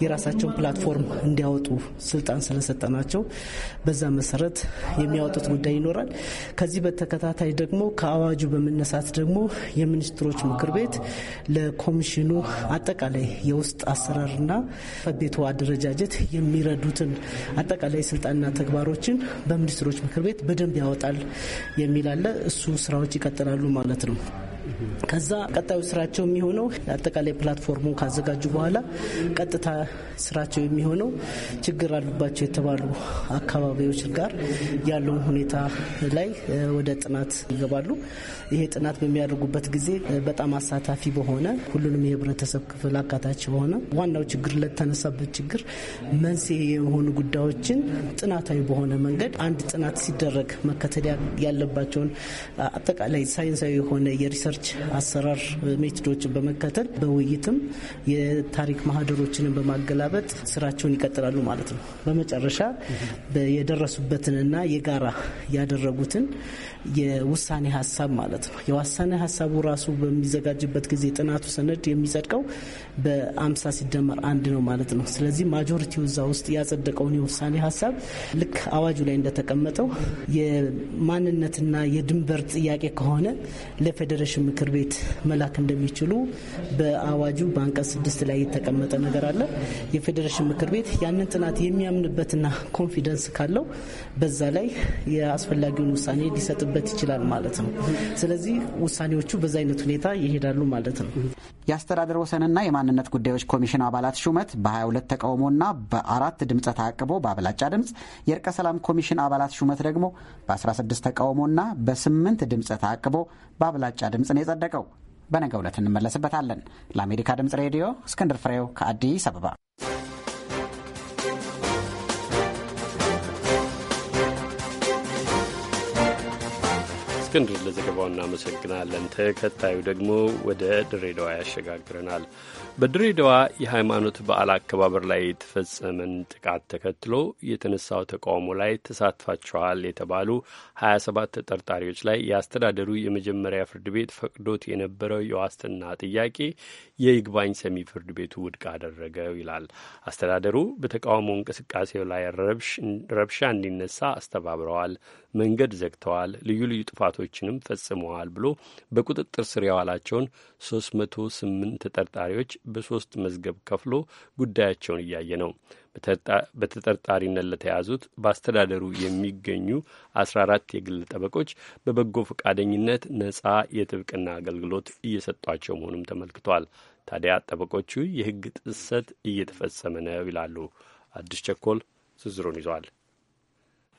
የራሳቸውን ፕላትፎርም እንዲያወጡ ስልጣን ስለሰጠናቸው በዛ መሰረት የሚያወጡት ጉዳይ ይኖራል። ከዚህ በተ በተከታታይ ደግሞ ከአዋጁ በመነሳት ደግሞ የሚኒስትሮች ምክር ቤት ለኮሚሽኑ አጠቃላይ የውስጥ አሰራርና ቤቱ አደረጃጀት የሚረዱትን አጠቃላይ ስልጣንና ተግባሮችን በሚኒስትሮች ምክር ቤት በደንብ ያወጣል የሚል አለ። እሱ ስራዎች ይቀጥላሉ ማለት ነው። ከዛ ቀጣዩ ስራቸው የሚሆነው አጠቃላይ ፕላትፎርሙ ካዘጋጁ በኋላ ቀጥታ ስራቸው የሚሆነው ችግር አሉባቸው የተባሉ አካባቢዎች ጋር ያለውን ሁኔታ ላይ ወደ ጥናት ይገባሉ። ይሄ ጥናት በሚያደርጉበት ጊዜ በጣም አሳታፊ በሆነ ሁሉንም የህብረተሰብ ክፍል አካታች በሆነ ዋናው ችግር ለተነሳበት ችግር መንስኤ የሆኑ ጉዳዮችን ጥናታዊ በሆነ መንገድ አንድ ጥናት ሲደረግ መከተል ያለባቸውን አጠቃላይ ሳይንሳዊ የሆነ የሪሰር ሪሰርች አሰራር ሜቶዶችን በመከተል በውይይትም የታሪክ ማህደሮችንን በማገላበጥ ስራቸውን ይቀጥላሉ ማለት ነው። በመጨረሻ የደረሱበትንና የጋራ ያደረጉትን የውሳኔ ሀሳብ ማለት ነው። የውሳኔ ሀሳቡ ራሱ በሚዘጋጅበት ጊዜ ጥናቱ ሰነድ የሚጸድቀው በአምሳ ሲደመር አንድ ነው ማለት ነው። ስለዚህ ማጆሪቲው እዛ ውስጥ ያጸደቀውን የውሳኔ ሀሳብ ልክ አዋጁ ላይ እንደተቀመጠው የማንነትና የድንበር ጥያቄ ከሆነ ለፌዴሬሽን ምክር ቤት መላክ እንደሚችሉ በአዋጁ በአንቀጽ ስድስት ላይ የተቀመጠ ነገር አለ። የፌዴሬሽን ምክር ቤት ያንን ጥናት የሚያምንበትና ኮንፊደንስ ካለው በዛ ላይ የአስፈላጊውን ውሳኔ ሊሰጥ ሊደርስበት ይችላል ማለት ነው። ስለዚህ ውሳኔዎቹ በዛ አይነት ሁኔታ ይሄዳሉ ማለት ነው። የአስተዳደር ወሰንና የማንነት ጉዳዮች ኮሚሽን አባላት ሹመት በ22 ተቃውሞና በአራት ድምፀ ተአቅቦ በአብላጫ ድምፅ የእርቀ ሰላም ኮሚሽን አባላት ሹመት ደግሞ በ16 ተቃውሞና በ8 ድምፀ ተአቅቦ በአብላጫ ድምፅ ነው የጸደቀው። በነገ ዕለት እንመለስበታለን። ለአሜሪካ ድምፅ ሬዲዮ እስክንድር ፍሬው ከአዲስ አበባ እስክንድር ለዘገባው እናመሰግናለን። ተከታዩ ደግሞ ወደ ድሬዳዋ ያሸጋግረናል። በድሬዳዋ የሃይማኖት በዓል አከባበር ላይ የተፈጸመን ጥቃት ተከትሎ የተነሳው ተቃውሞ ላይ ተሳትፋቸኋል የተባሉ 27 ተጠርጣሪዎች ላይ የአስተዳደሩ የመጀመሪያ ፍርድ ቤት ፈቅዶት የነበረው የዋስትና ጥያቄ የይግባኝ ሰሚ ፍርድ ቤቱ ውድቅ አደረገው ይላል። አስተዳደሩ በተቃውሞ እንቅስቃሴው ላይ ረብሻ እንዲነሳ አስተባብረዋል፣ መንገድ ዘግተዋል፣ ልዩ ልዩ ጥፋቶችንም ፈጽመዋል ብሎ በቁጥጥር ስር የዋላቸውን 308 ተጠርጣሪዎች በሶስት መዝገብ ከፍሎ ጉዳያቸውን እያየ ነው። በተጠርጣሪነት ለተያዙት በአስተዳደሩ የሚገኙ አስራ አራት የግል ጠበቆች በበጎ ፈቃደኝነት ነጻ የጥብቅና አገልግሎት እየሰጧቸው መሆኑም ተመልክቷል። ታዲያ ጠበቆቹ የሕግ ጥሰት እየተፈጸመ ነው ይላሉ። አዲስ ቸኮል ዝርዝሩን ይዟል።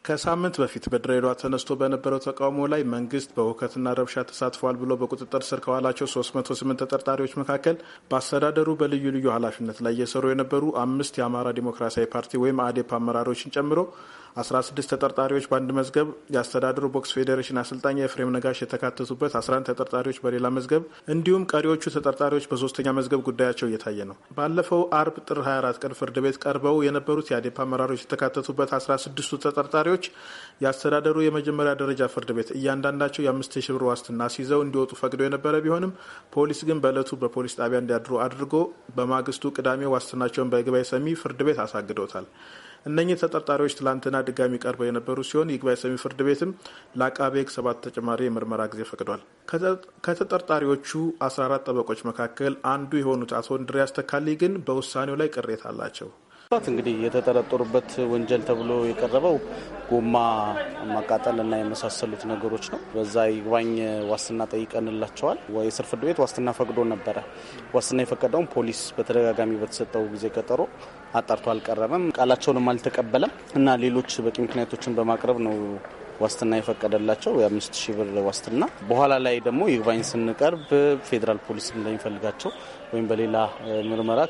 ከሳምንት በፊት በድሬዳዋ ተነስቶ በነበረው ተቃውሞ ላይ መንግስት በውከትና ረብሻ ተሳትፏል ብሎ በቁጥጥር ስር ከዋላቸው 308 ተጠርጣሪዎች መካከል በአስተዳደሩ በልዩ ልዩ ኃላፊነት ላይ እየሰሩ የነበሩ አምስት የአማራ ዲሞክራሲያዊ ፓርቲ ወይም አዴፕ አመራሮችን ጨምሮ 16 ተጠርጣሪዎች በአንድ መዝገብ፣ የአስተዳደሩ ቦክስ ፌዴሬሽን አሰልጣኝ የፍሬም ነጋሽ የተካተቱበት 11 ተጠርጣሪዎች በሌላ መዝገብ እንዲሁም ቀሪዎቹ ተጠርጣሪዎች በሶስተኛ መዝገብ ጉዳያቸው እየታየ ነው። ባለፈው አርብ ጥር 24 ቀን ፍርድ ቤት ቀርበው የነበሩት የአዴፓ አመራሮች የተካተቱበት 16ቱ ተጠርጣሪዎች የአስተዳደሩ የመጀመሪያ ደረጃ ፍርድ ቤት እያንዳንዳቸው የአምስት ሺህ ብር ዋስትና ሲይዘው እንዲወጡ ፈቅዶ የነበረ ቢሆንም ፖሊስ ግን በእለቱ በፖሊስ ጣቢያ እንዲያድሩ አድርጎ በማግስቱ ቅዳሜ ዋስትናቸውን በይግባኝ ሰሚ ፍርድ ቤት አሳግዶታል። እነኚህ ተጠርጣሪዎች ትላንትና ድጋሚ ቀርበው የነበሩ ሲሆን ይግባኝ ሰሚ ፍርድ ቤትም ለአቃቤ ሕግ ሰባት ተጨማሪ የምርመራ ጊዜ ፈቅዷል። ከተጠርጣሪዎቹ 14 ጠበቆች መካከል አንዱ የሆኑት አቶ እንድሪያስ ተካልኝ ግን በውሳኔው ላይ ቅሬታ አላቸው። እንግዲህ የተጠረጠሩበት ወንጀል ተብሎ የቀረበው ጎማ ማቃጠል እና የመሳሰሉት ነገሮች ነው። በዛ ይግባኝ ዋስትና ጠይቀንላቸዋል። የስር ፍርድ ቤት ዋስትና ፈቅዶ ነበረ። ዋስትና የፈቀደውም ፖሊስ በተደጋጋሚ በተሰጠው ጊዜ ቀጠሮ አጣርቶ አልቀረበም፣ ቃላቸውንም አልተቀበለም እና ሌሎች በቂ ምክንያቶችን በማቅረብ ነው ዋስትና የፈቀደላቸው የአምስት ሺህ ብር ዋስትና። በኋላ ላይ ደግሞ ይግባኝ ስንቀርብ ፌዴራል ፖሊስ እንደሚፈልጋቸው ወይም በሌላ ምርመራ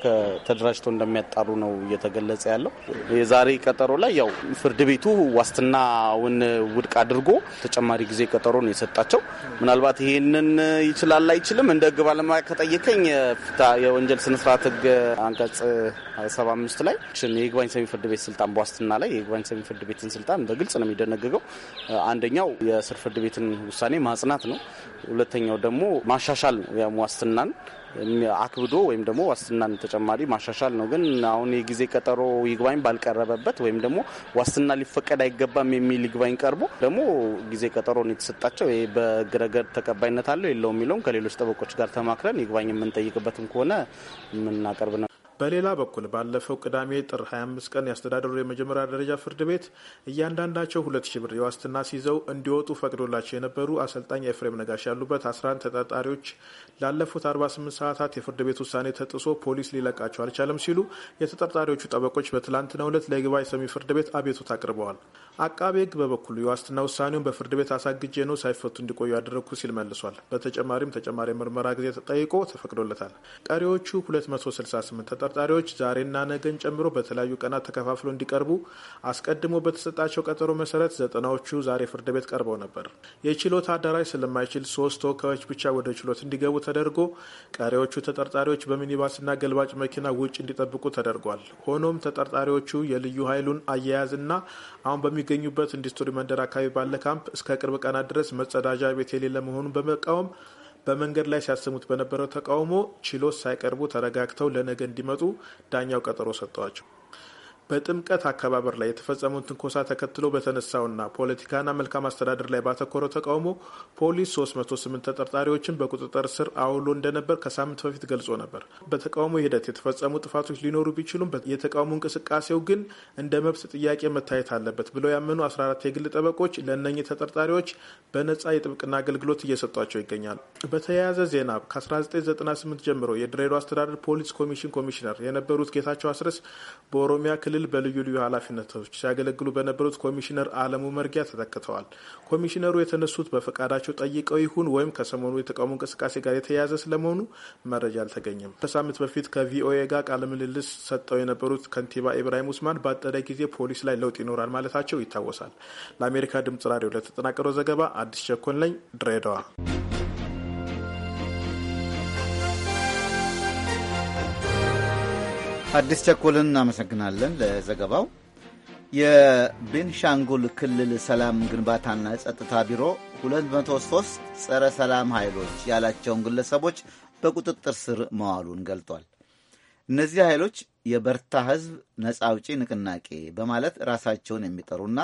ተደራጅቶ እንደሚያጣሩ ነው እየተገለጸ ያለው። የዛሬ ቀጠሮ ላይ ያው ፍርድ ቤቱ ዋስትናውን ውድቅ አድርጎ ተጨማሪ ጊዜ ቀጠሮ ነው የሰጣቸው። ምናልባት ይሄንን ይችላል አይችልም እንደ ህግ ባለሙያ ከጠየቀኝ የወንጀል ስነስርዓት ህግ አንቀጽ 75 ላይ የይግባኝ ሰሚ ፍርድ ቤት ስልጣን በዋስትና ላይ የይግባኝ ሰሚ ፍርድ ቤትን ስልጣን በግልጽ ነው የሚደነግገው። አንደኛው የስር ፍርድ ቤትን ውሳኔ ማጽናት ነው። ሁለተኛው ደግሞ ማሻሻል ነው ያም ዋስትናን አክብዶ ወይም ደግሞ ዋስትናን ተጨማሪ ማሻሻል ነው። ግን አሁን የጊዜ ቀጠሮ ይግባኝ ባልቀረበበት ወይም ደግሞ ዋስትና ሊፈቀድ አይገባም የሚል ይግባኝ ቀርቦ ደግሞ ጊዜ ቀጠሮ ነው የተሰጣቸው። ይሄ ረገድ ተቀባይነት አለው የለውም የሚለውም ከሌሎች ጠበቆች ጋር ተማክረን ይግባኝ የምንጠይቅበትም ከሆነ የምናቀርብ ነው። በሌላ በኩል ባለፈው ቅዳሜ ጥር 25 ቀን ያስተዳደሩ የመጀመሪያ ደረጃ ፍርድ ቤት እያንዳንዳቸው ሁለት ሺ ብር የዋስትና ሲይዘው እንዲወጡ ፈቅዶላቸው የነበሩ አሰልጣኝ ኤፍሬም ነጋሽ ያሉበት 11 ተጠርጣሪዎች ላለፉት 48 ሰዓታት የፍርድ ቤት ውሳኔ ተጥሶ ፖሊስ ሊለቃቸው አልቻለም ሲሉ የተጠርጣሪዎቹ ጠበቆች በትላንትናው ዕለት ለይግባኝ ሰሚ ፍርድ ቤት አቤቱት አቅርበዋል። አቃቤ ሕግ በበኩሉ የዋስትና ውሳኔውን በፍርድ ቤት አሳግጄ ነው ሳይፈቱ እንዲቆዩ ያደረግኩ ሲል መልሷል። በተጨማሪም ተጨማሪ ምርመራ ጊዜ ተጠይቆ ተፈቅዶለታል። ቀሪዎቹ 268 ተጠርጣሪዎች ዛሬና ነገን ጨምሮ በተለያዩ ቀናት ተከፋፍሎ እንዲቀርቡ አስቀድሞ በተሰጣቸው ቀጠሮ መሰረት ዘጠናዎቹ ዛሬ ፍርድ ቤት ቀርበው ነበር። የችሎት አዳራሽ ስለማይችል ሶስት ተወካዮች ብቻ ወደ ችሎት እንዲገቡ ተደርጎ ቀሪዎቹ ተጠርጣሪዎች በሚኒባስና ገልባጭ መኪና ውጭ እንዲጠብቁ ተደርጓል። ሆኖም ተጠርጣሪዎቹ የልዩ ኃይሉን አያያዝና አሁን በሚገኙበት ኢንዱስትሪ መንደር አካባቢ ባለ ካምፕ እስከ ቅርብ ቀናት ድረስ መጸዳጃ ቤት የሌለ መሆኑን በመቃወም በመንገድ ላይ ሲያሰሙት በነበረው ተቃውሞ ችሎት ሳይቀርቡ ተረጋግተው ለነገ እንዲመጡ ዳኛው ቀጠሮ ሰጠዋቸው። በጥምቀት አከባበር ላይ የተፈጸመውን ትንኮሳ ተከትሎ በተነሳውና ፖለቲካና መልካም አስተዳደር ላይ ባተኮረው ተቃውሞ ፖሊስ 308 ተጠርጣሪዎችን በቁጥጥር ስር አውሎ እንደነበር ከሳምንት በፊት ገልጾ ነበር። በተቃውሞ ሂደት የተፈጸሙ ጥፋቶች ሊኖሩ ቢችሉም የተቃውሞ እንቅስቃሴው ግን እንደ መብት ጥያቄ መታየት አለበት ብለው ያመኑ 14 የግል ጠበቆች ለእነኚህ ተጠርጣሪዎች በነጻ የጥብቅና አገልግሎት እየሰጧቸው ይገኛል። በተያያዘ ዜና ከ1998 ጀምሮ የድሬዳዋ አስተዳደር ፖሊስ ኮሚሽን ኮሚሽነር የነበሩት ጌታቸው አስረስ በኦሮሚያ ክልል ክልል በልዩ ልዩ ኃላፊነቶች ሲያገለግሉ በነበሩት ኮሚሽነር አለሙ መርጊያ ተተክተዋል። ኮሚሽነሩ የተነሱት በፈቃዳቸው ጠይቀው ይሁን ወይም ከሰሞኑ የተቃውሞ እንቅስቃሴ ጋር የተያያዘ ስለመሆኑ መረጃ አልተገኘም። ከሳምንት በፊት ከቪኦኤ ጋር ቃለ ምልልስ ሰጠው የነበሩት ከንቲባ ኢብራሂም ውስማን በአጠረ ጊዜ ፖሊስ ላይ ለውጥ ይኖራል ማለታቸው ይታወሳል። ለአሜሪካ ድምጽ ራዲዮ ለተጠናቀረው ዘገባ አዲስ ቸኮን ለኝ ድሬዳዋ አዲስ ቸኮልን እናመሰግናለን ለዘገባው። የቤንሻንጉል ክልል ሰላም ግንባታና ጸጥታ ቢሮ 203 ጸረ ሰላም ኃይሎች ያላቸውን ግለሰቦች በቁጥጥር ስር መዋሉን ገልጧል። እነዚህ ኃይሎች የበርታ ሕዝብ ነጻ አውጪ ንቅናቄ በማለት ራሳቸውን የሚጠሩና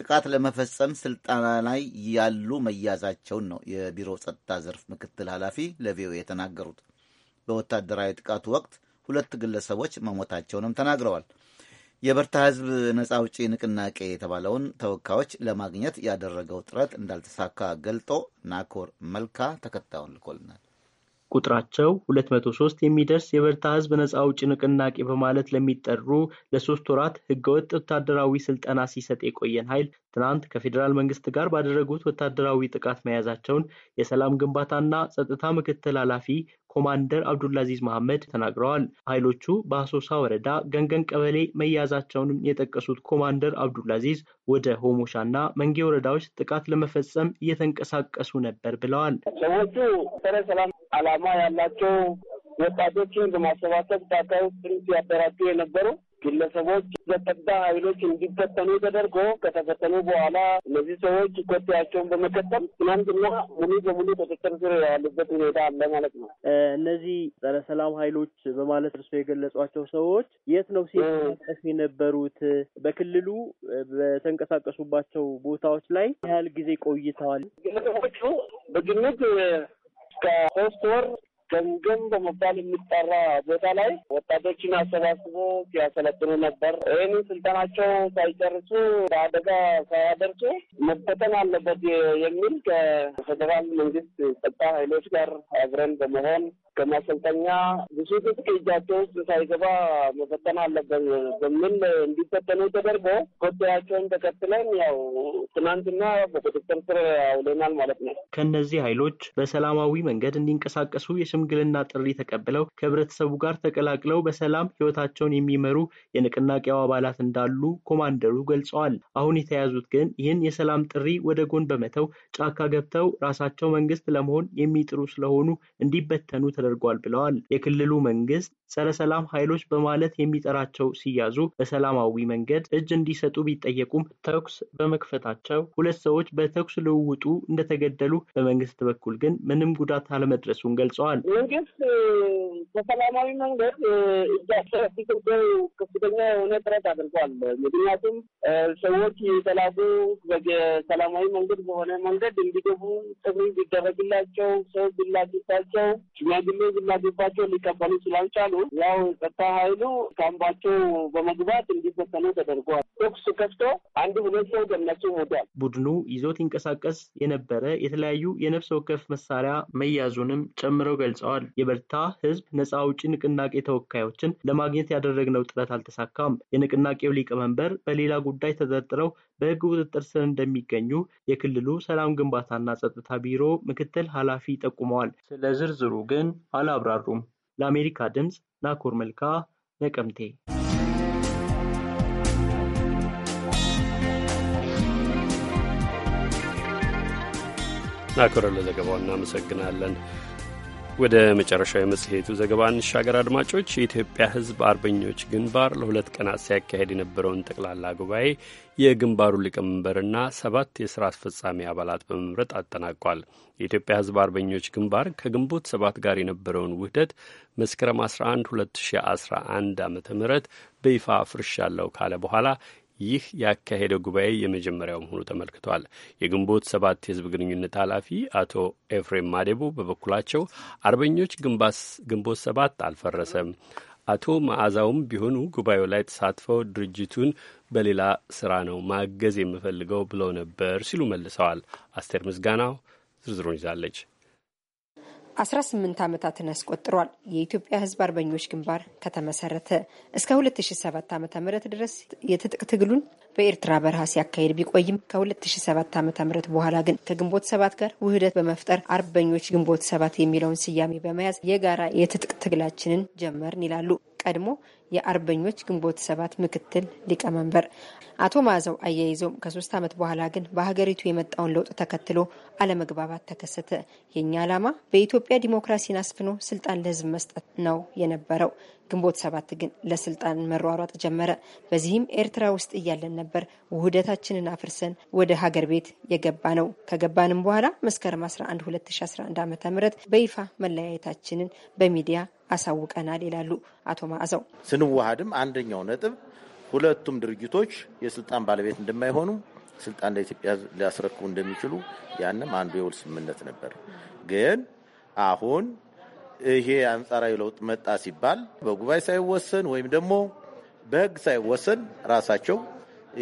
ጥቃት ለመፈጸም ስልጠና ላይ ያሉ መያዛቸውን ነው የቢሮ ጸጥታ ዘርፍ ምክትል ኃላፊ ለቪኦኤ የተናገሩት። በወታደራዊ ጥቃቱ ወቅት ሁለት ግለሰቦች መሞታቸውንም ተናግረዋል። የበርታ ህዝብ ነጻ አውጪ ንቅናቄ የተባለውን ተወካዮች ለማግኘት ያደረገው ጥረት እንዳልተሳካ ገልጦ ናኮር መልካ ተከታዩን ልኮልናል። ቁጥራቸው 203 የሚደርስ የበርታ ህዝብ ነጻ አውጪ ንቅናቄ በማለት ለሚጠሩ ለሶስት ወራት ህገወጥ ወታደራዊ ስልጠና ሲሰጥ የቆየን ኃይል ትናንት ከፌዴራል መንግስት ጋር ባደረጉት ወታደራዊ ጥቃት መያዛቸውን የሰላም ግንባታና ጸጥታ ምክትል ኃላፊ ኮማንደር አብዱላዚዝ መሐመድ ተናግረዋል። ኃይሎቹ በአሶሳ ወረዳ ገንገን ቀበሌ መያዛቸውንም የጠቀሱት ኮማንደር አብዱላዚዝ ወደ ሆሞሻና መንጌ ወረዳዎች ጥቃት ለመፈጸም እየተንቀሳቀሱ ነበር ብለዋል። ሰዎቹ ጸረ ሰላም ዓላማ ያላቸው ወጣቶችን በማሰባሰብ ታካ ውስጥ ሲያደራጁ የነበሩ ግለሰቦች በጸጥታ ኃይሎች እንዲፈተኑ ተደርጎ ከተፈተኑ በኋላ እነዚህ ሰዎች ኮቴያቸውን በመከተል ትናንትና ሙሉ በሙሉ ቁጥጥር ስር ያሉበት ሁኔታ አለ ማለት ነው። እነዚህ ጸረ ሰላም ኃይሎች በማለት እርሶ የገለጿቸው ሰዎች የት ነው ሲንቀሳቀሱ የነበሩት? በክልሉ በተንቀሳቀሱባቸው ቦታዎች ላይ ያህል ጊዜ ቆይተዋል? ግለሰቦቹ በግምት ከሶስት ወር ገምገም በመባል የሚጠራ ቦታ ላይ ወጣቶችን አሰባስቦ ሲያሰለጥኑ ነበር። ይህን ስልጠናቸው ሳይጨርሱ በአደጋ ሳያደርሱ መበተን አለበት የሚል ከፌደራል መንግስት ጸጥታ ኃይሎች ጋር አብረን በመሆን ከማሰልጠኛ ብዙ ትጥቅ እጃቸው ውስጥ ሳይገባ መፈተን አለበት በሚል እንዲፈተኑ ተደርጎ ጉዳያቸውን ተከትለን ያው ትናንትና በቁጥጥር ስር አውለናል ማለት ነው። ከእነዚህ ኃይሎች በሰላማዊ መንገድ እንዲንቀሳቀሱ የሽምግልና ጥሪ ተቀብለው ከህብረተሰቡ ጋር ተቀላቅለው በሰላም ህይወታቸውን የሚመሩ የንቅናቄው አባላት እንዳሉ ኮማንደሩ ገልጸዋል። አሁን የተያዙት ግን ይህን የሰላም ጥሪ ወደ ጎን በመተው ጫካ ገብተው ራሳቸው መንግስት ለመሆን የሚጥሩ ስለሆኑ እንዲበተኑ ተደርጓል ብለዋል። የክልሉ መንግስት ጸረ ሰላም ኃይሎች በማለት የሚጠራቸው ሲያዙ በሰላማዊ መንገድ እጅ እንዲሰጡ ቢጠየቁም ተኩስ በመክፈታቸው ሁለት ሰዎች በተኩስ ልውውጡ እንደተገደሉ በመንግስት በኩል ግን ምንም ጉዳት አለመድረሱን ገልጸዋል። መንግስት በሰላማዊ መንገድ እጃቸው ከፍተኛ የሆነ ጥረት አድርጓል። ምክንያቱም ሰዎች የተላኩ ሰላማዊ መንገድ በሆነ መንገድ እንዲገቡ ጥሪ ቢደረግላቸው ሰው ቢላግባቸው ሽማግሌ ቢላግባቸው ሊቀበሉ ስላልቻሉ ያው ጸጥታ ኃይሉ ካምባቸው በመግባት እንዲፈተኑ ተደርጓል። ተኩስ ከፍቶ አንድ ሁለት ሰው ገነሱ ሄዷል። ቡድኑ ይዞት ይንቀሳቀስ የነበረ የተለያዩ የነፍስ ወከፍ መሳሪያ መያዙንም ጨምረው ገልጸዋል። ገልጸዋል። የበርታ ህዝብ ነፃ አውጪ ንቅናቄ ተወካዮችን ለማግኘት ያደረግነው ጥረት አልተሳካም። የንቅናቄው ሊቀመንበር በሌላ ጉዳይ ተጠርጥረው በህግ ቁጥጥር ስር እንደሚገኙ የክልሉ ሰላም ግንባታና ጸጥታ ቢሮ ምክትል ኃላፊ ጠቁመዋል። ስለ ዝርዝሩ ግን አላብራሩም። ለአሜሪካ ድምፅ ናኮር መልካ ነቀምቴ። ናኮር ለዘገባው እናመሰግናለን። ወደ መጨረሻዊ መጽሔቱ ዘገባ እንሻገር። አድማጮች፣ የኢትዮጵያ ሕዝብ አርበኞች ግንባር ለሁለት ቀናት ሲያካሄድ የነበረውን ጠቅላላ ጉባኤ የግንባሩ ሊቀመንበርና ሰባት የሥራ አስፈጻሚ አባላት በመምረጥ አጠናቋል። የኢትዮጵያ ሕዝብ አርበኞች ግንባር ከግንቦት ሰባት ጋር የነበረውን ውህደት መስከረም 11 2011 ዓ ም በይፋ አፍርሻለሁ ካለ በኋላ ይህ ያካሄደው ጉባኤ የመጀመሪያው መሆኑ ተመልክቷል። የግንቦት ሰባት የህዝብ ግንኙነት ኃላፊ አቶ ኤፍሬም ማዴቦ በበኩላቸው አርበኞች ግንቦት ሰባት አልፈረሰም፣ አቶ መዓዛውም ቢሆኑ ጉባኤው ላይ ተሳትፈው ድርጅቱን በሌላ ስራ ነው ማገዝ የምፈልገው ብለው ነበር ሲሉ መልሰዋል። አስቴር ምስጋናው ዝርዝሩን ይዛለች። 18 ዓመታትን አስቆጥሯል። የኢትዮጵያ ሕዝብ አርበኞች ግንባር ከተመሰረተ እስከ 2007 ዓ ም ድረስ የትጥቅ ትግሉን በኤርትራ በረሃ ሲያካሄድ ቢቆይም ከ2007 ዓ ም በኋላ ግን ከግንቦት ሰባት ጋር ውህደት በመፍጠር አርበኞች ግንቦት ሰባት የሚለውን ስያሜ በመያዝ የጋራ የትጥቅ ትግላችንን ጀመርን ይላሉ። የቀድሞ የአርበኞች ግንቦት ሰባት ምክትል ሊቀመንበር አቶ ማዘው አያይዘውም ከሶስት ዓመት በኋላ ግን በሀገሪቱ የመጣውን ለውጥ ተከትሎ አለመግባባት ተከሰተ። የእኛ ዓላማ በኢትዮጵያ ዲሞክራሲን አስፍኖ ስልጣን ለህዝብ መስጠት ነው የነበረው። ግንቦት ሰባት ግን ለስልጣን መሯሯጥ ጀመረ። በዚህም ኤርትራ ውስጥ እያለን ነበር ውህደታችንን አፍርሰን ወደ ሀገር ቤት የገባ ነው። ከገባንም በኋላ መስከረም 11 2011 ዓ ም በይፋ መለያየታችንን በሚዲያ አሳውቀናል ይላሉ አቶ ማዕዘው። ስንዋሃድም አንደኛው ነጥብ ሁለቱም ድርጅቶች የስልጣን ባለቤት እንደማይሆኑ ስልጣን ለኢትዮጵያ ሊያስረክቡ እንደሚችሉ ያንም አንዱ የውል ስምምነት ነበር። ግን አሁን ይሄ አንጻራዊ ለውጥ መጣ ሲባል በጉባኤ ሳይወሰን ወይም ደግሞ በሕግ ሳይወሰን ራሳቸው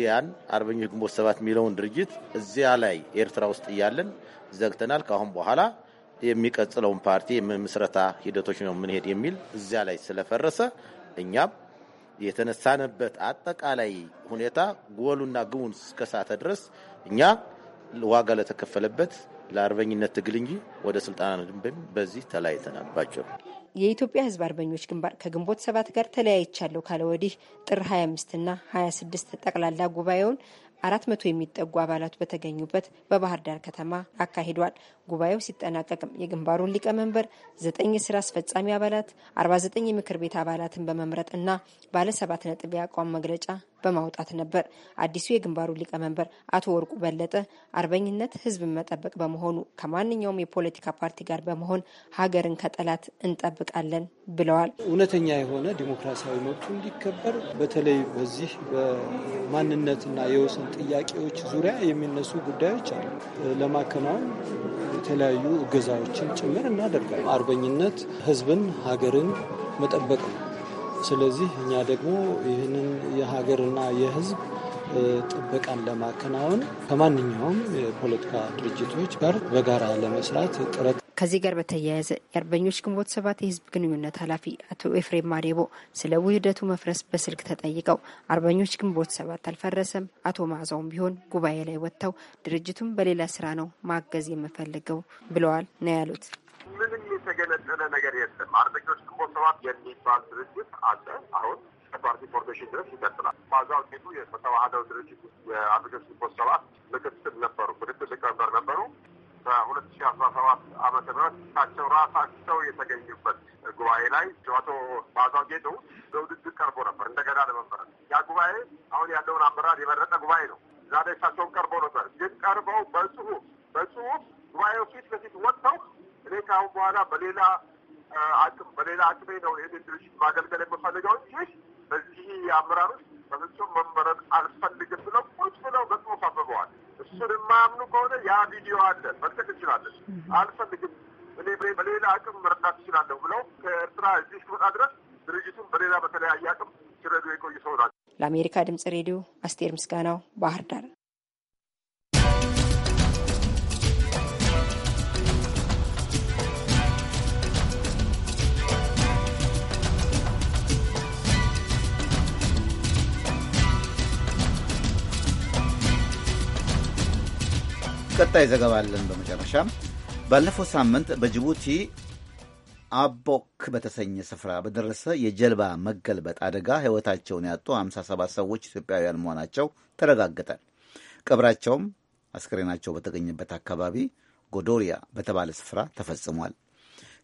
ያን አርበኞች ግንቦት ሰባት የሚለውን ድርጅት እዚያ ላይ ኤርትራ ውስጥ እያለን ዘግተናል፣ ከአሁን በኋላ የሚቀጥለውን ፓርቲ ምስረታ ሂደቶች ነው የምንሄድ የሚል እዚያ ላይ ስለፈረሰ እኛም የተነሳንበት አጠቃላይ ሁኔታ ጎሉና ግቡን እስከሳተ ድረስ እኛ ዋጋ ለተከፈለበት ለአርበኝነት ትግል እንጂ ወደ ስልጣና ድንብን በዚህ ተለያይተናባቸው። የኢትዮጵያ ሕዝብ አርበኞች ግንባር ከግንቦት ሰባት ጋር ተለያይቻለሁ ካለ ወዲህ ጥር 25ና 26 ጠቅላላ ጉባኤውን አራት መቶ የሚጠጉ አባላት በተገኙበት በባህር ዳር ከተማ አካሂዷል። ጉባኤው ሲጠናቀቅም የግንባሩን ሊቀመንበር፣ ዘጠኝ የስራ አስፈጻሚ አባላት፣ አርባ ዘጠኝ የምክር ቤት አባላትን በመምረጥ እና ባለ ሰባት ነጥብ የአቋም መግለጫ በማውጣት ነበር። አዲሱ የግንባሩ ሊቀመንበር አቶ ወርቁ በለጠ አርበኝነት ህዝብን መጠበቅ በመሆኑ ከማንኛውም የፖለቲካ ፓርቲ ጋር በመሆን ሀገርን ከጠላት እንጠብቃለን ብለዋል። እውነተኛ የሆነ ዲሞክራሲያዊ መብቱ እንዲከበር በተለይ በዚህ በማንነትና የወሰን ጥያቄዎች ዙሪያ የሚነሱ ጉዳዮች አሉ ለማከናወን የተለያዩ እገዛዎችን ጭምር እናደርጋለን። አርበኝነት ህዝብን ሀገርን መጠበቅ ነው። ስለዚህ እኛ ደግሞ ይህንን የሀገርና የህዝብ ጥበቃን ለማከናወን ከማንኛውም የፖለቲካ ድርጅቶች ጋር በጋራ ለመስራት ጥረት ከዚህ ጋር በተያያዘ የአርበኞች ግንቦት ሰባት የህዝብ ግንኙነት ኃላፊ አቶ ኤፍሬም ማዴቦ ስለ ውህደቱ መፍረስ በስልክ ተጠይቀው አርበኞች ግንቦት ሰባት አልፈረሰም፣ አቶ ማዕዛውም ቢሆን ጉባኤ ላይ ወጥተው ድርጅቱን በሌላ ስራ ነው ማገዝ የምፈልገው ብለዋል ነው ያሉት። ምንም የተገነጠለ ነገር የለም። አርበኞች ግንቦት ሰባት የሚባል ድርጅት አለ። አሁን ፓርቲ ፎርሜሽን ድረስ ይቀጥላል። ማዛ ውጤቱ የተዋህደው ድርጅት ውስጥ የአርበኞች ግንቦት ሰባት ምክትል ነበሩ፣ ምክትል ሊቀመንበር ነበሩ። በሁለት ሺ አስራ ሰባት አመተ ምህረት እሳቸው ራሳቸው የተገኙበት ጉባኤ ላይ አቶ ባዛ ጌጡ በውድድር ቀርቦ ነበር እንደገና ለመመረጥ። ያ ጉባኤ አሁን ያለውን አመራር የመረጠ ጉባኤ ነው። ዛሬ እሳቸውን ቀርቦ ነበር፣ ግን ቀርበው በጽሁፍ በጽሁፍ ጉባኤው ፊት ለፊት ወጥተው እኔ ካሁን በኋላ በሌላ አቅም በሌላ አቅሜ ነው ይህንን ድርጅት ማገልገል የምፈልገው እንጂ በዚህ አመራር ውስጥ በፍጹም መመረጥ አልፈልግም ብለው ቁጭ ብለው በጽሁፍ አበበዋል። እሱን የማያምኑ ከሆነ ያ ቪዲዮ አለ መልቀቅ እንችላለን። አልፈልግም እኔ በሌላ አቅም መረዳት እችላለሁ ብለው ከኤርትራ እዚህ እስክመጣ ድረስ ድርጅቱን በሌላ በተለያየ አቅም ሲረዱ የቆዩ ሰው ናቸው። ለአሜሪካ ድምጽ ሬዲዮ አስቴር ምስጋናው ባህር ዳር ቀጣይ ዘገባ አለን። በመጨረሻም ባለፈው ሳምንት በጅቡቲ አቦክ በተሰኘ ስፍራ በደረሰ የጀልባ መገልበጥ አደጋ ሕይወታቸውን ያጡ 57 ሰዎች ኢትዮጵያውያን መሆናቸው ተረጋገጠ። ቀብራቸውም አስክሬናቸው በተገኘበት አካባቢ ጎዶሪያ በተባለ ስፍራ ተፈጽሟል።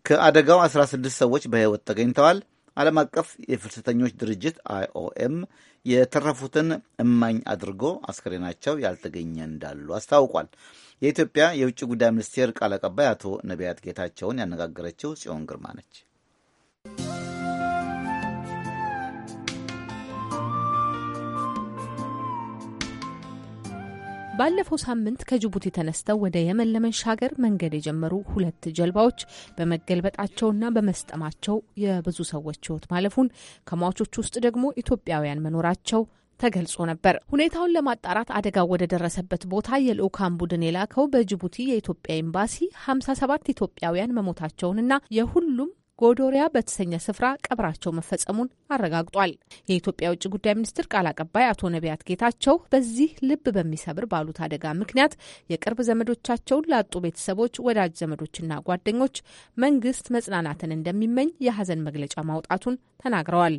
ከአደጋው 16 ሰዎች በሕይወት ተገኝተዋል። ዓለም አቀፍ የፍልሰተኞች ድርጅት አይኦኤም የተረፉትን እማኝ አድርጎ አስክሬናቸው ያልተገኘ እንዳሉ አስታውቋል። የኢትዮጵያ የውጭ ጉዳይ ሚኒስቴር ቃል አቀባይ አቶ ነቢያት ጌታቸውን ያነጋገረችው ጽዮን ግርማ ነች። ባለፈው ሳምንት ከጅቡቲ ተነስተው ወደ የመን ለመሻገር መንገድ የጀመሩ ሁለት ጀልባዎች በመገልበጣቸውና በመስጠማቸው የብዙ ሰዎች ሕይወት ማለፉን ከሟቾቹ ውስጥ ደግሞ ኢትዮጵያውያን መኖራቸው ተገልጾ ነበር። ሁኔታውን ለማጣራት አደጋው ወደ ደረሰበት ቦታ የልዑካን ቡድን የላከው በጅቡቲ የኢትዮጵያ ኤምባሲ 57 ኢትዮጵያውያን መሞታቸውንና የሁሉም ጎዶሪያ በተሰኘ ስፍራ ቀብራቸው መፈጸሙን አረጋግጧል። የኢትዮጵያ የውጭ ጉዳይ ሚኒስትር ቃል አቀባይ አቶ ነቢያት ጌታቸው በዚህ ልብ በሚሰብር ባሉት አደጋ ምክንያት የቅርብ ዘመዶቻቸውን ላጡ ቤተሰቦች፣ ወዳጅ ዘመዶችና ጓደኞች መንግስት መጽናናትን እንደሚመኝ የሀዘን መግለጫ ማውጣቱን ተናግረዋል።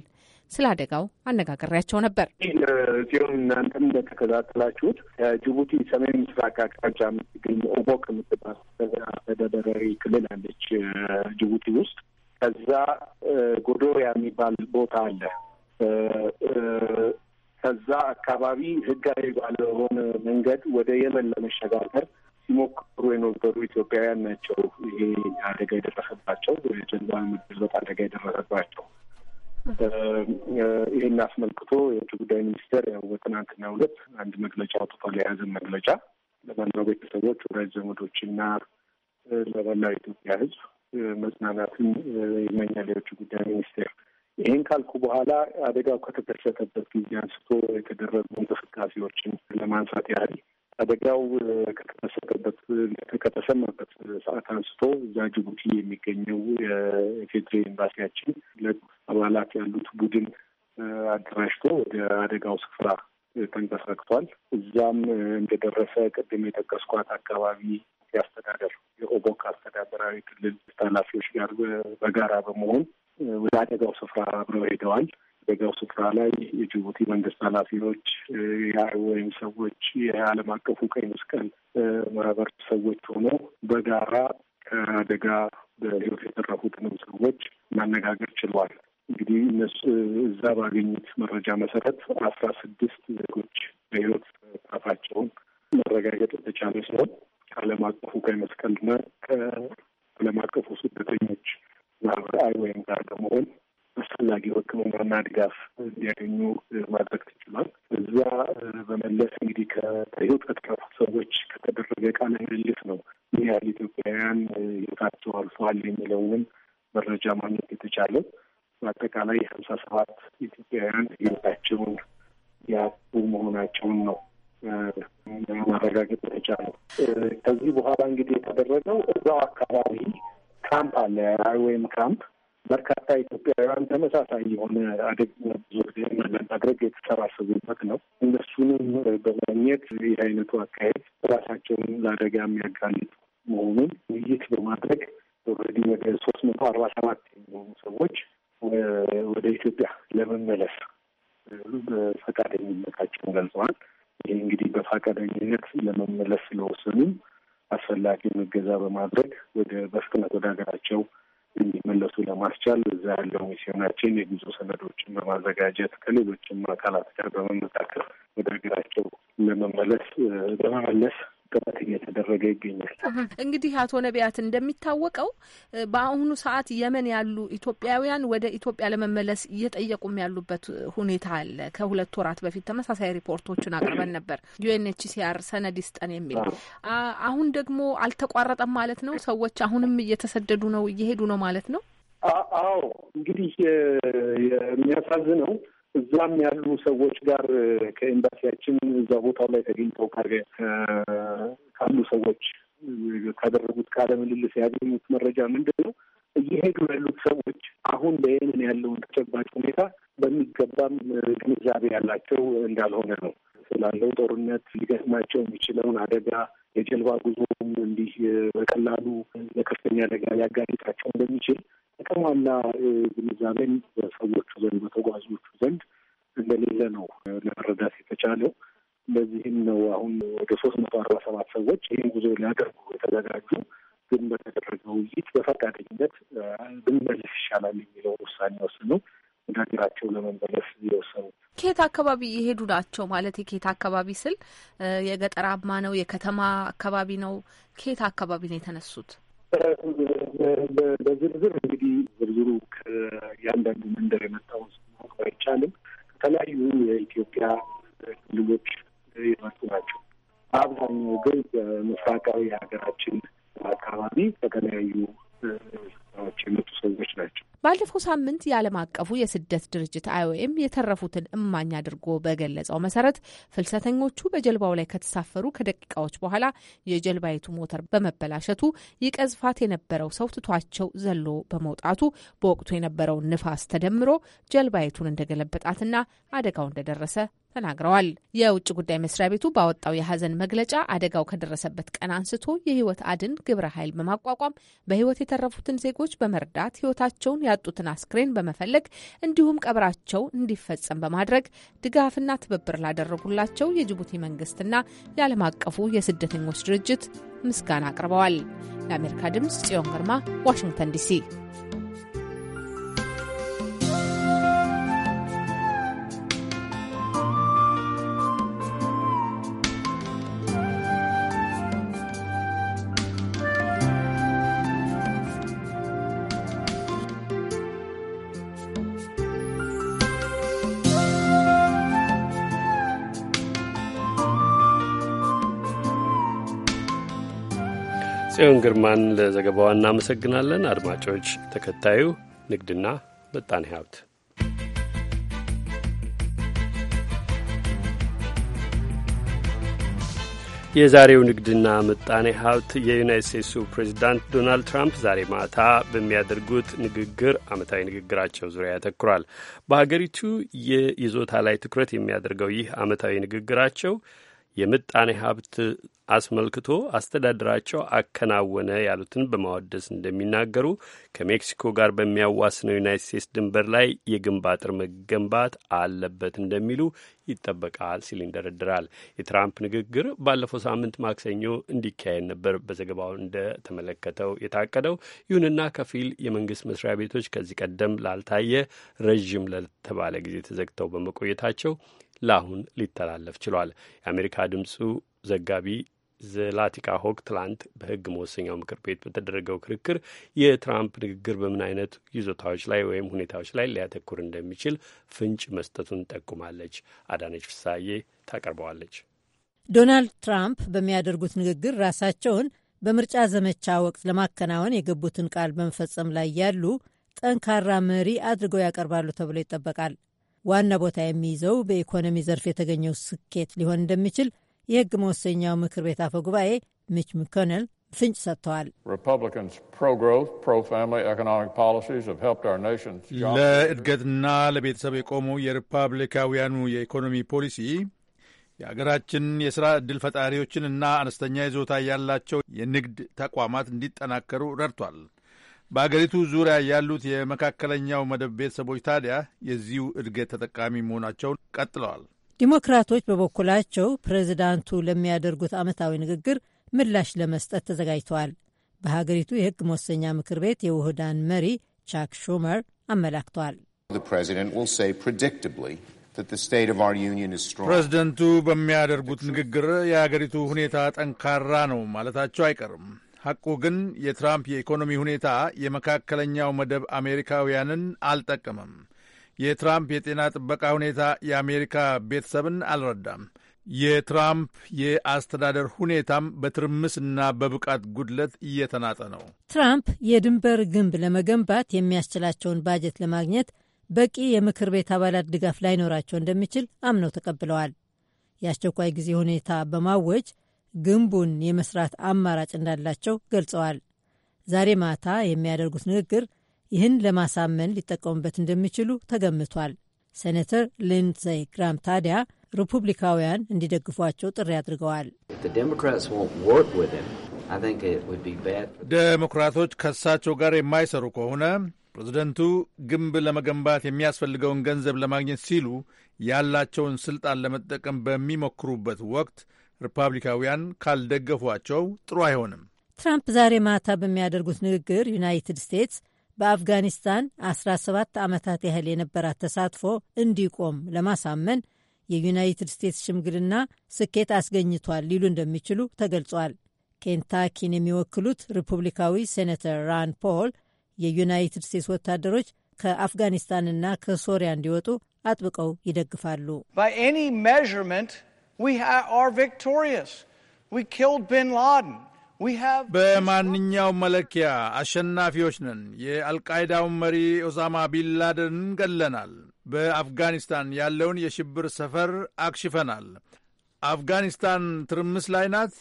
ስለ አደጋው አነጋግሬያቸው ነበር። ጽዮን እናንተም እንደተከታተላችሁት ጅቡቲ ሰሜን ምስራቅ አቅጣጫ የምትገኝ ኦቦክ የምትባል አስተዳደራዊ ክልል አለች ጅቡቲ ውስጥ ከዛ ጎዶሪያ የሚባል ቦታ አለ። ከዛ አካባቢ ህጋዊ ባለሆነ መንገድ ወደ የመን ለመሸጋገር ሲሞክሩ የነበሩ ኢትዮጵያውያን ናቸው። ይሄ አደጋ የደረሰባቸው ጀልባ መገልበጥ አደጋ የደረሰባቸው። ይህን አስመልክቶ የውጭ ጉዳይ ሚኒስቴር ያው በትናንትና ሁለት አንድ መግለጫ አውጥቷል። የያዘን መግለጫ ለመላው ቤተሰቦች፣ ወዳጅ ዘመዶችና ለመላው ኢትዮጵያ ህዝብ መጽናናትን ይመኛል የውጭ ጉዳይ ሚኒስቴር። ይህን ካልኩ በኋላ አደጋው ከተከሰተበት ጊዜ አንስቶ የተደረጉ እንቅስቃሴዎችን ለማንሳት ያህል አደጋው ከተከሰተበት ከተሰማበት ሰዓት አንስቶ እዛ ጅቡቲ የሚገኘው የኢፌዴሪ ኤምባሲያችን ለአባላት ያሉት ቡድን አደራጅቶ ወደ አደጋው ስፍራ ተንቀሳቅቷል። እዛም እንደደረሰ ቅድም የጠቀስኳት አካባቢ አስተዳደር የኦቦክ አስተዳደራዊ ክልል ኃላፊዎች ጋር በጋራ በመሆን ወደ አደጋው ስፍራ አብረው ሄደዋል። አደጋው ስፍራ ላይ የጅቡቲ መንግስት ኃላፊዎች ወይም ሰዎች የዓለም አቀፉ ቀይ መስቀል ማህበር ሰዎች ሆኖ በጋራ ከአደጋ በህይወት የተረፉትንም ሰዎች ማነጋገር ችለዋል። እንግዲህ እነሱ እዛ ባገኙት መረጃ መሰረት አስራ ስድስት ዜጎች በህይወት ጣፋቸውን መረጋገጥ የተቻለ ሲሆን ከዓለም አቀፉ ቀይ መስቀልና ከዓለም አቀፉ ስደተኞች ማህበር አይ ወይም ጋር በመሆን አስፈላጊ ሕክምናና ድጋፍ እንዲያገኙ ማድረግ ትችሏል። እዛ በመለስ እንግዲህ ከህይወት ከጠፉ ሰዎች ከተደረገ ቃለ ምልልስ ነው ምን ያህል ኢትዮጵያውያን ህይወታቸው አልፈዋል የሚለውን መረጃ ማግኘት የተቻለው። በአጠቃላይ ሀምሳ ሰባት ኢትዮጵያውያን ህይወታቸውን ያጡ መሆናቸውን ነው ማረጋገጥ የተቻለው። ከዚህ በኋላ እንግዲህ የተደረገው እዛው አካባቢ ካምፕ አለ፣ አይወይም ካምፕ በርካታ ኢትዮጵያውያን ተመሳሳይ የሆነ አደገኛ ብዙ ጊዜ ለማድረግ የተሰባሰቡበት ነው። እነሱንም በማግኘት ይህ አይነቱ አካሄድ ራሳቸውን ለአደጋ የሚያጋልጥ መሆኑን ውይይት በማድረግ ወዲህ ወደ ሶስት መቶ አርባ ሰባት የሚሆኑ ሰዎች ወደ ኢትዮጵያ ለመመለስ ፈቃደኝነታቸውን ገልጸዋል። ይህ እንግዲህ በፈቃደኝነት ለመመለስ ስለወሰኑ አስፈላጊውን እገዛ በማድረግ ወደ በፍጥነት ወደ ሀገራቸው እንዲመለሱ ለማስቻል እዛ ያለው ሚስዮናችን የጉዞ ሰነዶችን በማዘጋጀት ከሌሎችም አካላት ጋር በመመካከል ወደ ሀገራቸው ለመመለስ በመመለስ ጥረት እየተደረገ ይገኛል። እንግዲህ አቶ ነቢያት እንደሚታወቀው በአሁኑ ሰዓት የመን ያሉ ኢትዮጵያውያን ወደ ኢትዮጵያ ለመመለስ እየጠየቁም ያሉበት ሁኔታ አለ። ከሁለት ወራት በፊት ተመሳሳይ ሪፖርቶችን አቅርበን ነበር። ዩኤንኤችሲአር ሰነድ ይስጠን የሚል አሁን ደግሞ አልተቋረጠም ማለት ነው። ሰዎች አሁንም እየተሰደዱ ነው፣ እየሄዱ ነው ማለት ነው። አዎ እንግዲህ የሚያሳዝነው እዛም ያሉ ሰዎች ጋር ከኤምባሲያችን እዛ ቦታው ላይ ተገኝተው ካሉ ሰዎች ካደረጉት ቃለ ምልልስ ያገኙት መረጃ ምንድን ነው? እየሄዱ ያሉት ሰዎች አሁን በየመን ያለውን ተጨባጭ ሁኔታ በሚገባም ግንዛቤ ያላቸው እንዳልሆነ ነው። ስላለው ጦርነት ሊገጥማቸው የሚችለውን አደጋ የጀልባ ጉዞም እንዲህ በቀላሉ ለከፍተኛ አደጋ ሊያጋልጣቸው እንደሚችል የተሟላ ግንዛቤን በሰዎቹ ዘንድ በተጓዦቹ ዘንድ እንደሌለ ነው ለመረዳት የተቻለው። ለዚህም ነው አሁን ወደ ሶስት መቶ አርባ ሰባት ሰዎች ይህን ጉዞ ሊያደርጉ የተዘጋጁ ግን በተደረገ ውይይት በፈቃደኝነት ብንመለስ ይሻላል የሚለውን ውሳኔ ወስነው ወደ ሀገራቸው ለመመለስ የወሰኑት ከየት አካባቢ የሄዱ ናቸው? ማለት የኬት አካባቢ ስል የገጠራማ ነው፣ የከተማ አካባቢ ነው፣ ከየት አካባቢ ነው የተነሱት? በዝርዝር እንግዲህ ዝርዝሩ ከእያንዳንዱ መንደር የመጣው ማወቅ ባይቻልም ከተለያዩ የኢትዮጵያ ክልሎች የመጡ ናቸው። በአብዛኛው ግን በምስራቃዊ የሀገራችን አካባቢ ከተለያዩ ስራዎች የመጡ ሰዎች ናቸው። ባለፈው ሳምንት የዓለም አቀፉ የስደት ድርጅት አይኦኤም የተረፉትን እማኝ አድርጎ በገለጸው መሰረት ፍልሰተኞቹ በጀልባው ላይ ከተሳፈሩ ከደቂቃዎች በኋላ የጀልባይቱ ሞተር በመበላሸቱ ይቀዝፋት የነበረው ሰው ትቷቸው ዘሎ በመውጣቱ በወቅቱ የነበረው ንፋስ ተደምሮ ጀልባይቱን እንደገለበጣትና አደጋው እንደደረሰ ተናግረዋል። የውጭ ጉዳይ መስሪያ ቤቱ ባወጣው የሀዘን መግለጫ አደጋው ከደረሰበት ቀን አንስቶ የህይወት አድን ግብረ ኃይል በማቋቋም በህይወት የተረፉትን ዜጎች በመርዳት ህይወታቸውን ያጡትን አስክሬን በመፈለግ እንዲሁም ቀብራቸው እንዲፈጸም በማድረግ ድጋፍና ትብብር ላደረጉላቸው የጅቡቲ መንግስትና የዓለም አቀፉ የስደተኞች ድርጅት ምስጋና አቅርበዋል። ለአሜሪካ ድምፅ ጽዮን ግርማ ዋሽንግተን ዲሲ ጽዮን ግርማን ለዘገባዋ እናመሰግናለን። አድማጮች፣ ተከታዩ ንግድና ምጣኔ ሀብት የዛሬው ንግድና ምጣኔ ሀብት የዩናይት ስቴትሱ ፕሬዚዳንት ዶናልድ ትራምፕ ዛሬ ማታ በሚያደርጉት ንግግር አመታዊ ንግግራቸው ዙሪያ ያተኩራል። በሀገሪቱ የይዞታ ላይ ትኩረት የሚያደርገው ይህ ዓመታዊ ንግግራቸው የምጣኔ ሀብት አስመልክቶ አስተዳደራቸው አከናወነ ያሉትን በማወደስ እንደሚናገሩ ከሜክሲኮ ጋር በሚያዋስነው ዩናይት ስቴትስ ድንበር ላይ የግንብ አጥር መገንባት አለበት እንደሚሉ ይጠበቃል ሲል ይንደረድራል። የትራምፕ ንግግር ባለፈው ሳምንት ማክሰኞ እንዲካሄድ ነበር በዘገባው እንደተመለከተው የታቀደው። ይሁንና ከፊል የመንግስት መስሪያ ቤቶች ከዚህ ቀደም ላልታየ ረዥም ለተባለ ጊዜ ተዘግተው በመቆየታቸው ለአሁን ሊተላለፍ ችሏል። የአሜሪካ ድምፁ ዘጋቢ ዘላቲካ ሆክ ትላንት በህግ መወሰኛው ምክር ቤት በተደረገው ክርክር የትራምፕ ንግግር በምን አይነት ይዞታዎች ላይ ወይም ሁኔታዎች ላይ ሊያተኩር እንደሚችል ፍንጭ መስጠቱን ጠቁማለች። አዳነች ፍሳዬ ታቀርበዋለች። ዶናልድ ትራምፕ በሚያደርጉት ንግግር ራሳቸውን በምርጫ ዘመቻ ወቅት ለማከናወን የገቡትን ቃል በመፈጸም ላይ ያሉ ጠንካራ መሪ አድርገው ያቀርባሉ ተብሎ ይጠበቃል። ዋና ቦታ የሚይዘው በኢኮኖሚ ዘርፍ የተገኘው ስኬት ሊሆን እንደሚችል የህግ መወሰኛው ምክር ቤት አፈ ጉባኤ ሚች ምኮነል ፍንጭ ሰጥተዋል። ለእድገትና ለቤተሰብ የቆመው የሪፐብሊካውያኑ የኢኮኖሚ ፖሊሲ የአገራችን የሥራ ዕድል ፈጣሪዎችንና አነስተኛ ይዞታ ያላቸው የንግድ ተቋማት እንዲጠናከሩ ረድቷል። በአገሪቱ ዙሪያ ያሉት የመካከለኛው መደብ ቤተሰቦች ታዲያ የዚሁ እድገት ተጠቃሚ መሆናቸውን ቀጥለዋል። ዲሞክራቶች በበኩላቸው ፕሬዚዳንቱ ለሚያደርጉት ዓመታዊ ንግግር ምላሽ ለመስጠት ተዘጋጅተዋል። በሀገሪቱ የሕግ መወሰኛ ምክር ቤት የውህዳን መሪ ቻክ ሹመር አመላክተዋል። ፕሬዚደንቱ በሚያደርጉት ንግግር የአገሪቱ ሁኔታ ጠንካራ ነው ማለታቸው አይቀርም። ሐቁ ግን የትራምፕ የኢኮኖሚ ሁኔታ የመካከለኛው መደብ አሜሪካውያንን አልጠቀመም። የትራምፕ የጤና ጥበቃ ሁኔታ የአሜሪካ ቤተሰብን አልረዳም። የትራምፕ የአስተዳደር ሁኔታም በትርምስና በብቃት ጉድለት እየተናጠ ነው። ትራምፕ የድንበር ግንብ ለመገንባት የሚያስችላቸውን ባጀት ለማግኘት በቂ የምክር ቤት አባላት ድጋፍ ላይኖራቸው እንደሚችል አምነው ተቀብለዋል። የአስቸኳይ ጊዜ ሁኔታ በማወጅ ግንቡን የመስራት አማራጭ እንዳላቸው ገልጸዋል። ዛሬ ማታ የሚያደርጉት ንግግር ይህን ለማሳመን ሊጠቀሙበት እንደሚችሉ ተገምቷል። ሴኔተር ሊንድሴይ ግራም ታዲያ ሪፑብሊካውያን እንዲደግፏቸው ጥሪ አድርገዋል። ዴሞክራቶች ከእሳቸው ጋር የማይሰሩ ከሆነ ፕሬዝደንቱ ግንብ ለመገንባት የሚያስፈልገውን ገንዘብ ለማግኘት ሲሉ ያላቸውን ስልጣን ለመጠቀም በሚሞክሩበት ወቅት ሪፐብሊካውያን ካልደገፏቸው ጥሩ አይሆንም። ትራምፕ ዛሬ ማታ በሚያደርጉት ንግግር ዩናይትድ ስቴትስ በአፍጋኒስታን 17 ዓመታት ያህል የነበራት ተሳትፎ እንዲቆም ለማሳመን የዩናይትድ ስቴትስ ሽምግልና ስኬት አስገኝቷል ሊሉ እንደሚችሉ ተገልጿል። ኬንታኪን የሚወክሉት ሪፑብሊካዊ ሴኔተር ራን ፖል የዩናይትድ ስቴትስ ወታደሮች ከአፍጋኒስታንና ከሶሪያ እንዲወጡ አጥብቀው ይደግፋሉ። ባይ ኤኒ ሜዥርመንት ዊ ቢን ላደን በማንኛውም መለኪያ አሸናፊዎች ነን። የአልቃይዳውን መሪ ኦሳማ ቢንላደንን ገለናል። በአፍጋኒስታን ያለውን የሽብር ሰፈር አክሽፈናል። አፍጋኒስታን ትርምስ ላይ ናት።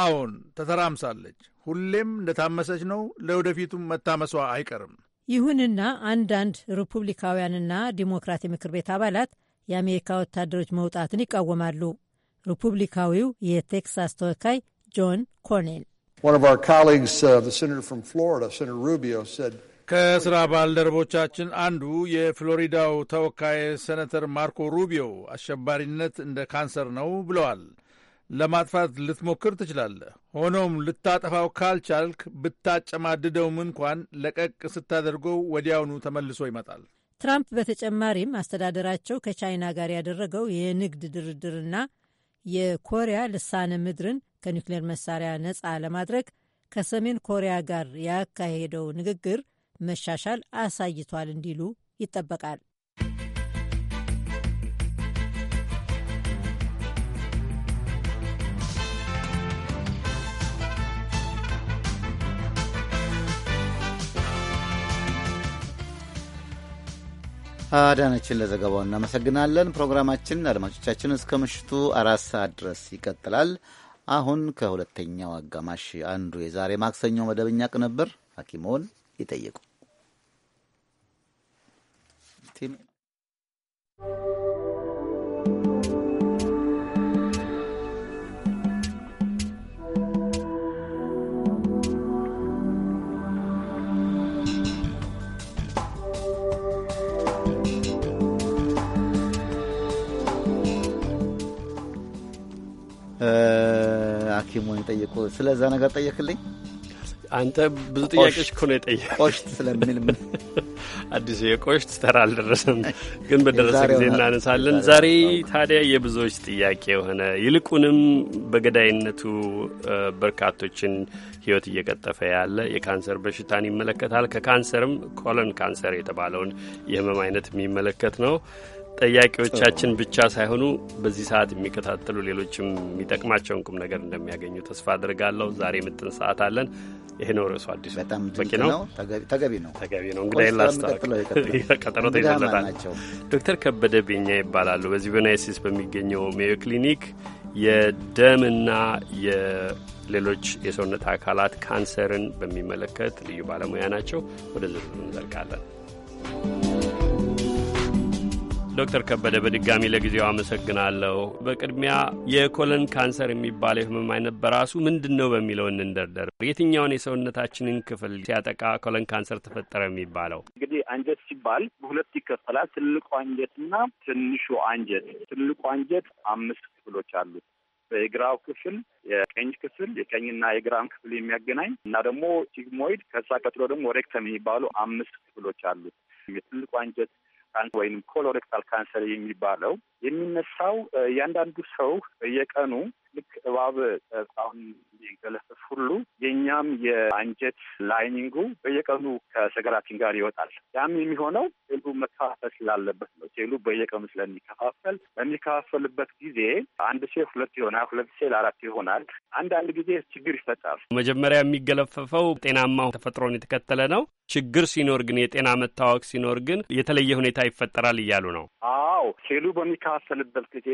አዎን ተተራምሳለች። ሁሌም እንደታመሰች ነው። ለወደፊቱም መታመሷ አይቀርም። ይሁንና አንዳንድ ሪፑብሊካውያንና ዲሞክራት የምክር ቤት አባላት የአሜሪካ ወታደሮች መውጣትን ይቃወማሉ። ሪፑብሊካዊው የቴክሳስ ተወካይ ጆን ኮኔል One of our colleagues, uh, the senator from Florida, Senator Rubio, said. ከስራ ባልደረቦቻችን አንዱ የፍሎሪዳው ተወካይ ሰነተር ማርኮ ሩቢዮ አሸባሪነት እንደ ካንሰር ነው ብለዋል። ለማጥፋት ልትሞክር ትችላለህ። ሆኖም ልታጠፋው ካልቻልክ ብታጨማድደውም እንኳን ለቀቅ ስታደርገው ወዲያውኑ ተመልሶ ይመጣል። ትራምፕ በተጨማሪም አስተዳደራቸው ከቻይና ጋር ያደረገው የንግድ ድርድርና የኮሪያ ልሳነ ምድርን ከኒውክሌር መሳሪያ ነፃ ለማድረግ ከሰሜን ኮሪያ ጋር ያካሄደው ንግግር መሻሻል አሳይቷል እንዲሉ ይጠበቃል። አዳነችን ለዘገባው እናመሰግናለን። ፕሮግራማችን አድማጮቻችን እስከ ምሽቱ አራት ሰዓት ድረስ ይቀጥላል። አሁን ከሁለተኛው አጋማሽ አንዱ የዛሬ ማክሰኞ መደበኛ ቅንብር ሐኪሞን ይጠይቁ ሐኪም ሆን የጠየቁ ስለዛ ነገር ጠየክልኝ። አንተ ብዙ ጥያቄዎች እኮ ነው የጠየቅ ቆሽት ስለሚል ምን አዲሱ የቆሽት ተራ አልደረሰም፣ ግን በደረሰ ጊዜ እናነሳለን። ዛሬ ታዲያ የብዙዎች ጥያቄ የሆነ ይልቁንም በገዳይነቱ በርካቶችን ሕይወት እየቀጠፈ ያለ የካንሰር በሽታን ይመለከታል። ከካንሰርም ኮለን ካንሰር የተባለውን የህመም አይነት የሚመለከት ነው። ጠያቂዎቻችን ብቻ ሳይሆኑ በዚህ ሰዓት የሚከታተሉ ሌሎችም የሚጠቅማቸውን ቁም ነገር እንደሚያገኙ ተስፋ አድርጋለሁ። ዛሬ ምጥን ሰዓት አለን። ይሄ ነው ርዕሱ። አዲሱ በጣም በቂ ነው፣ ተገቢ ነው፣ ተገቢ ነው። እንግዲህ ላስታቀጠሮ ተይዘለታል። ዶክተር ከበደ ቤኛ ይባላሉ። በዚህ በዩናይት ስቴትስ በሚገኘው ሜዮ ክሊኒክ የደምና የሌሎች የሰውነት አካላት ካንሰርን በሚመለከት ልዩ ባለሙያ ናቸው። ወደ ዝርዝሩ እንዘልቃለን። ዶክተር ከበደ በድጋሚ ለጊዜው አመሰግናለሁ። በቅድሚያ የኮለን ካንሰር የሚባል የህመም አይነት በራሱ ምንድን ነው በሚለው እንንደርደር። የትኛውን የሰውነታችንን ክፍል ሲያጠቃ ኮለን ካንሰር ተፈጠረ የሚባለው? እንግዲህ አንጀት ሲባል በሁለት ይከፈላል። ትልቁ አንጀትና ትንሹ አንጀት። ትልቁ አንጀት አምስት ክፍሎች አሉት። የግራው ክፍል፣ የቀኝ ክፍል፣ የቀኝና የግራም ክፍል የሚያገናኝ እና ደግሞ ሲግሞይድ ከዛ ቀጥሎ ደግሞ ሬክተም የሚባሉ አምስት ክፍሎች አሉት። የትልቁ አንጀት ካንሰር ወይም ኮሎሬክታል ካንሰር የሚባለው የሚነሳው እያንዳንዱ ሰው በየቀኑ ልክ እባብ ጸጻውን እንደሚገለፍፍ ሁሉ የእኛም የአንጀት ላይኒንጉ በየቀኑ ከሰገራችን ጋር ይወጣል። ያም የሚሆነው ቴሉ መከፋፈል ስላለበት ነው። ቴሉ በየቀኑ ስለሚከፋፈል በሚከፋፈልበት ጊዜ አንድ ሴል ሁለት ይሆናል፣ ሁለት ሴል አራት ይሆናል። አንዳንድ ጊዜ ችግር ይፈጠራል። መጀመሪያ የሚገለፈፈው ጤናማ ተፈጥሮን የተከተለ ነው። ችግር ሲኖር ግን የጤና መታወቅ ሲኖር ግን የተለየ ሁኔታ ይፈጠራል እያሉ ነው። አዎ ሴሉ በሚከፋፈልበት ጊዜ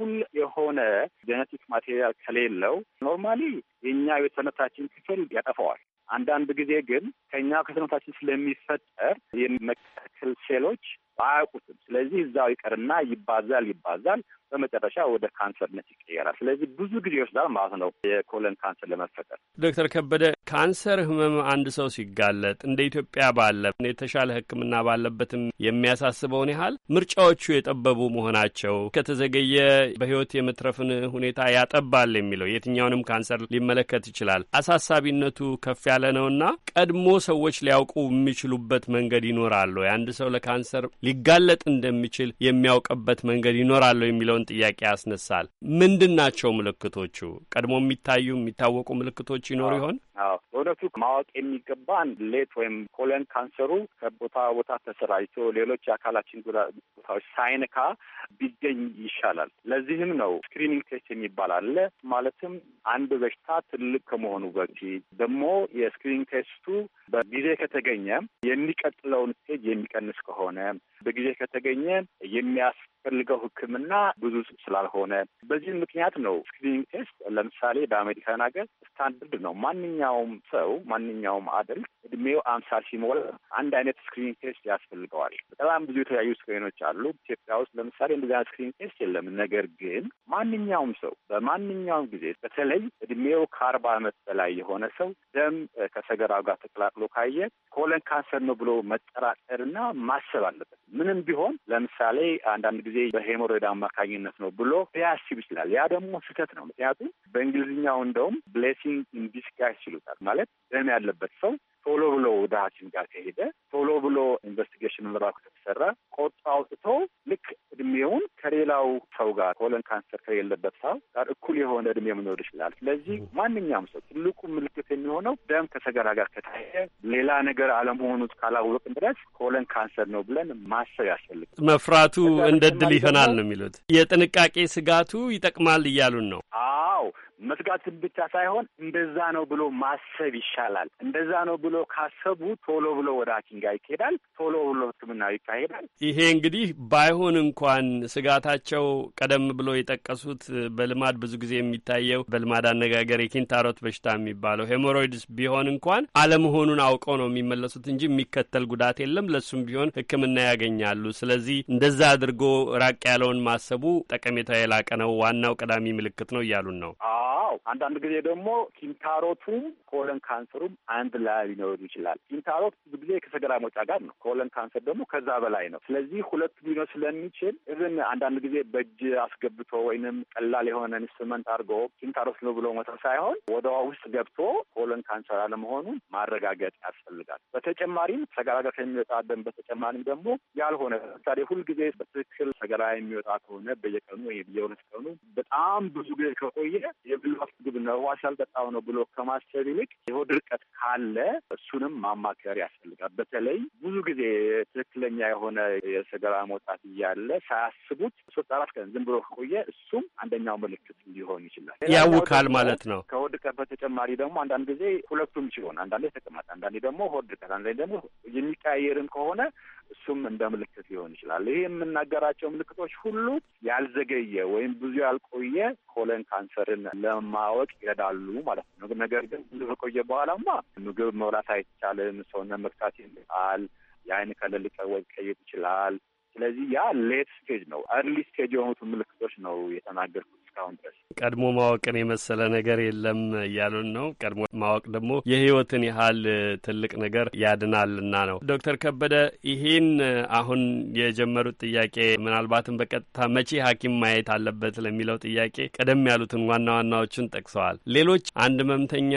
እኩል የሆነ ጄኔቲክ ማቴሪያል ከሌለው ኖርማሊ የእኛ የሰውነታችን ክፍል ያጠፈዋል። አንዳንድ ጊዜ ግን ከኛ ከሰውነታችን ስለሚፈጠር የመከላከል ሴሎች አያውቁትም። ስለዚህ እዛው ይቀርና ይባዛል ይባዛል፣ በመጨረሻ ወደ ካንሰርነት ይቀየራል። ስለዚህ ብዙ ጊዜ ይወስዳል ማለት ነው የኮለን ካንሰር ለመፈጠር። ዶክተር ከበደ ካንሰር ህመም አንድ ሰው ሲጋለጥ እንደ ኢትዮጵያ ባለ የተሻለ ሕክምና ባለበትም የሚያሳስበውን ያህል ምርጫዎቹ የጠበቡ መሆናቸው ከተዘገየ በህይወት የመትረፍን ሁኔታ ያጠባል የሚለው የትኛውንም ካንሰር ሊመለከት ይችላል። አሳሳቢነቱ ከፍ ያለ ነውና ቀድሞ ሰዎች ሊያውቁ የሚችሉበት መንገድ ይኖራሉ የአንድ ሰው ለካንሰር ሊጋለጥ እንደሚችል የሚያውቅበት መንገድ ይኖራለሁ የሚለውን ጥያቄ ያስነሳል። ምንድን ናቸው ምልክቶቹ? ቀድሞ የሚታዩ የሚታወቁ ምልክቶች ይኖሩ ይሆን? በእውነቱ ማወቅ የሚገባ ሌት ወይም ኮለን ካንሰሩ ከቦታ ቦታ ተሰራጭቶ ሌሎች የአካላችን ቦታዎች ሳይንካ ቢገኝ ይሻላል። ለዚህም ነው ስክሪኒንግ ቴስት የሚባል አለ። ማለትም አንድ በሽታ ትልቅ ከመሆኑ በፊት ደግሞ የስክሪኒንግ ቴስቱ በጊዜ ከተገኘ የሚቀጥለውን ስቴጅ የሚቀ የሚቀንስ ከሆነ በጊዜ ከተገኘ የሚያስ ፈልገው ሕክምና ብዙ ስላልሆነ በዚህ ምክንያት ነው ስክሪኒንግ ቴስት ለምሳሌ በአሜሪካን ሀገር ስታንዳርድ ነው። ማንኛውም ሰው ማንኛውም አደልት እድሜው አምሳ ሲሞላ አንድ አይነት ስክሪኒንግ ቴስት ያስፈልገዋል። በጣም ብዙ የተለያዩ ስክሪኖች አሉ። ኢትዮጵያ ውስጥ ለምሳሌ እንደዚህ አይነት ስክሪኒንግ ቴስት የለም። ነገር ግን ማንኛውም ሰው በማንኛውም ጊዜ በተለይ እድሜው ከአርባ ዓመት በላይ የሆነ ሰው ደም ከሰገራው ጋር ተቀላቅሎ ካየ ኮለን ካንሰር ነው ብሎ መጠራጠርና ማሰብ አለበት። ምንም ቢሆን ለምሳሌ አንዳንድ ጊዜ በሄሞሮይድ አማካኝነት ነው ብሎ ሊያስብ ይችላል። ያ ደግሞ ስህተት ነው። ምክንያቱም በእንግሊዝኛው እንደውም ብሌሲንግ ኢን ዲስጋይዝ ይሉታል። ማለት ደም ያለበት ሰው ቶሎ ብሎ ወደ ሐኪም ጋር ከሄደ ቶሎ ብሎ ኢንቨስቲጌሽን ምራቅ ከተሰራ ቆጥ አውጥቶ ልክ እድሜውን ከሌላው ሰው ጋር ኮለን ካንሰር ከሌለበት ሰው ጋር እኩል የሆነ እድሜ መኖር ይችላል። ስለዚህ ማንኛውም ሰው ትልቁ ምልክት የሚሆነው ደም ከሰገራ ጋር ከታየ ሌላ ነገር አለመሆኑ ካላወቅን ድረስ ኮለን ካንሰር ነው ብለን ማሰብ ያስፈልጋል። መፍራቱ እንደ ድል ይሆናል ነው የሚሉት። የጥንቃቄ ስጋቱ ይጠቅማል እያሉን ነው። መስጋትን ብቻ ሳይሆን እንደዛ ነው ብሎ ማሰብ ይሻላል። እንደዛ ነው ብሎ ካሰቡ ቶሎ ብሎ ወደ ሐኪም ጋር ይካሄዳል። ቶሎ ብሎ ሕክምና ይካሄዳል። ይሄ እንግዲህ ባይሆን እንኳን ስጋታቸው ቀደም ብሎ የጠቀሱት በልማድ ብዙ ጊዜ የሚታየው በልማድ አነጋገር የኪንታሮት በሽታ የሚባለው ሄሞሮይድስ ቢሆን እንኳን አለመሆኑን አውቀው ነው የሚመለሱት እንጂ የሚከተል ጉዳት የለም። ለሱም ቢሆን ሕክምና ያገኛሉ። ስለዚህ እንደዛ አድርጎ ራቅ ያለውን ማሰቡ ጠቀሜታ የላቀ ነው፣ ዋናው ቀዳሚ ምልክት ነው እያሉን ነው። አዎ አንዳንድ ጊዜ ደግሞ ኪንታሮቱም ኮለን ካንሰሩም አንድ ላይ ሊኖሩ ይችላል። ኪንታሮት ብዙ ጊዜ ከሰገራ መውጫ ጋር ነው። ኮለን ካንሰር ደግሞ ከዛ በላይ ነው። ስለዚህ ሁለቱ ሊኖር ስለሚችል እብን አንዳንድ ጊዜ በእጅ አስገብቶ ወይንም ቀላል የሆነ ኢንስትመንት አድርጎ ኪንታሮት ነው ብሎ መተር ሳይሆን ወደ ውስጥ ገብቶ ኮለን ካንሰር አለመሆኑን ማረጋገጥ ያስፈልጋል። በተጨማሪም ሰገራ ጋር ከሚወጣ ደም በተጨማሪም ደግሞ ያልሆነ ለምሳሌ ሁልጊዜ በትክክል ሰገራ የሚወጣ ከሆነ በየቀኑ ወይ በየሁለት ቀኑ በጣም ብዙ ጊዜ ከቆየ የብሎት ምግብ ዋሽ አልጠጣው ነው ብሎ ከማሰብ ይልቅ ይኸው ድርቀት ካለ እሱንም ማማከር ያስፈልጋል። በተለይ ብዙ ጊዜ ትክክለኛ የሆነ የሰገራ መውጣት እያለ ሳያስቡት ሶስት አራት ቀን ዝም ብሎ ከቆየ እሱም አንደኛው ምልክት ሊሆን ይችላል። ያውካል ማለት ነው። ከሆድ ድርቀት በተጨማሪ ደግሞ አንዳንድ ጊዜ ሁለቱም ሲሆን አንዳንዴ ተቅማጥ፣ አንዳንዴ ደግሞ ሆድ ድርቀት፣ አንዳንዴ ደግሞ የሚቀያየርም ከሆነ እሱም እንደ ምልክት ሊሆን ይችላል። ይሄ የምናገራቸው ምልክቶች ሁሉ ያልዘገየ ወይም ብዙ ያልቆየ ኮለን ካንሰርን ለማወቅ ይረዳሉ ማለት ነው። ነገር ግን ብዙ ከቆየ በኋላማ ምግብ መብላት አይቻልም፣ ሰውነት መግታት ይልቃል፣ የአይን ከለል ሊቀየጥ ይችላል። ስለዚህ ያ ሌት ስቴጅ ነው። አርሊ ስቴጅ የሆኑት ምልክቶች ነው የተናገርኩት። እስካሁን ድረስ ቀድሞ ማወቅን የመሰለ ነገር የለም እያሉን ነው። ቀድሞ ማወቅ ደግሞ የህይወትን ያህል ትልቅ ነገር ያድናልና ነው። ዶክተር ከበደ ይህን አሁን የጀመሩት ጥያቄ ምናልባትም በቀጥታ መቼ ሐኪም ማየት አለበት ለሚለው ጥያቄ ቀደም ያሉትን ዋና ዋናዎቹን ጠቅሰዋል። ሌሎች አንድ መምተኛ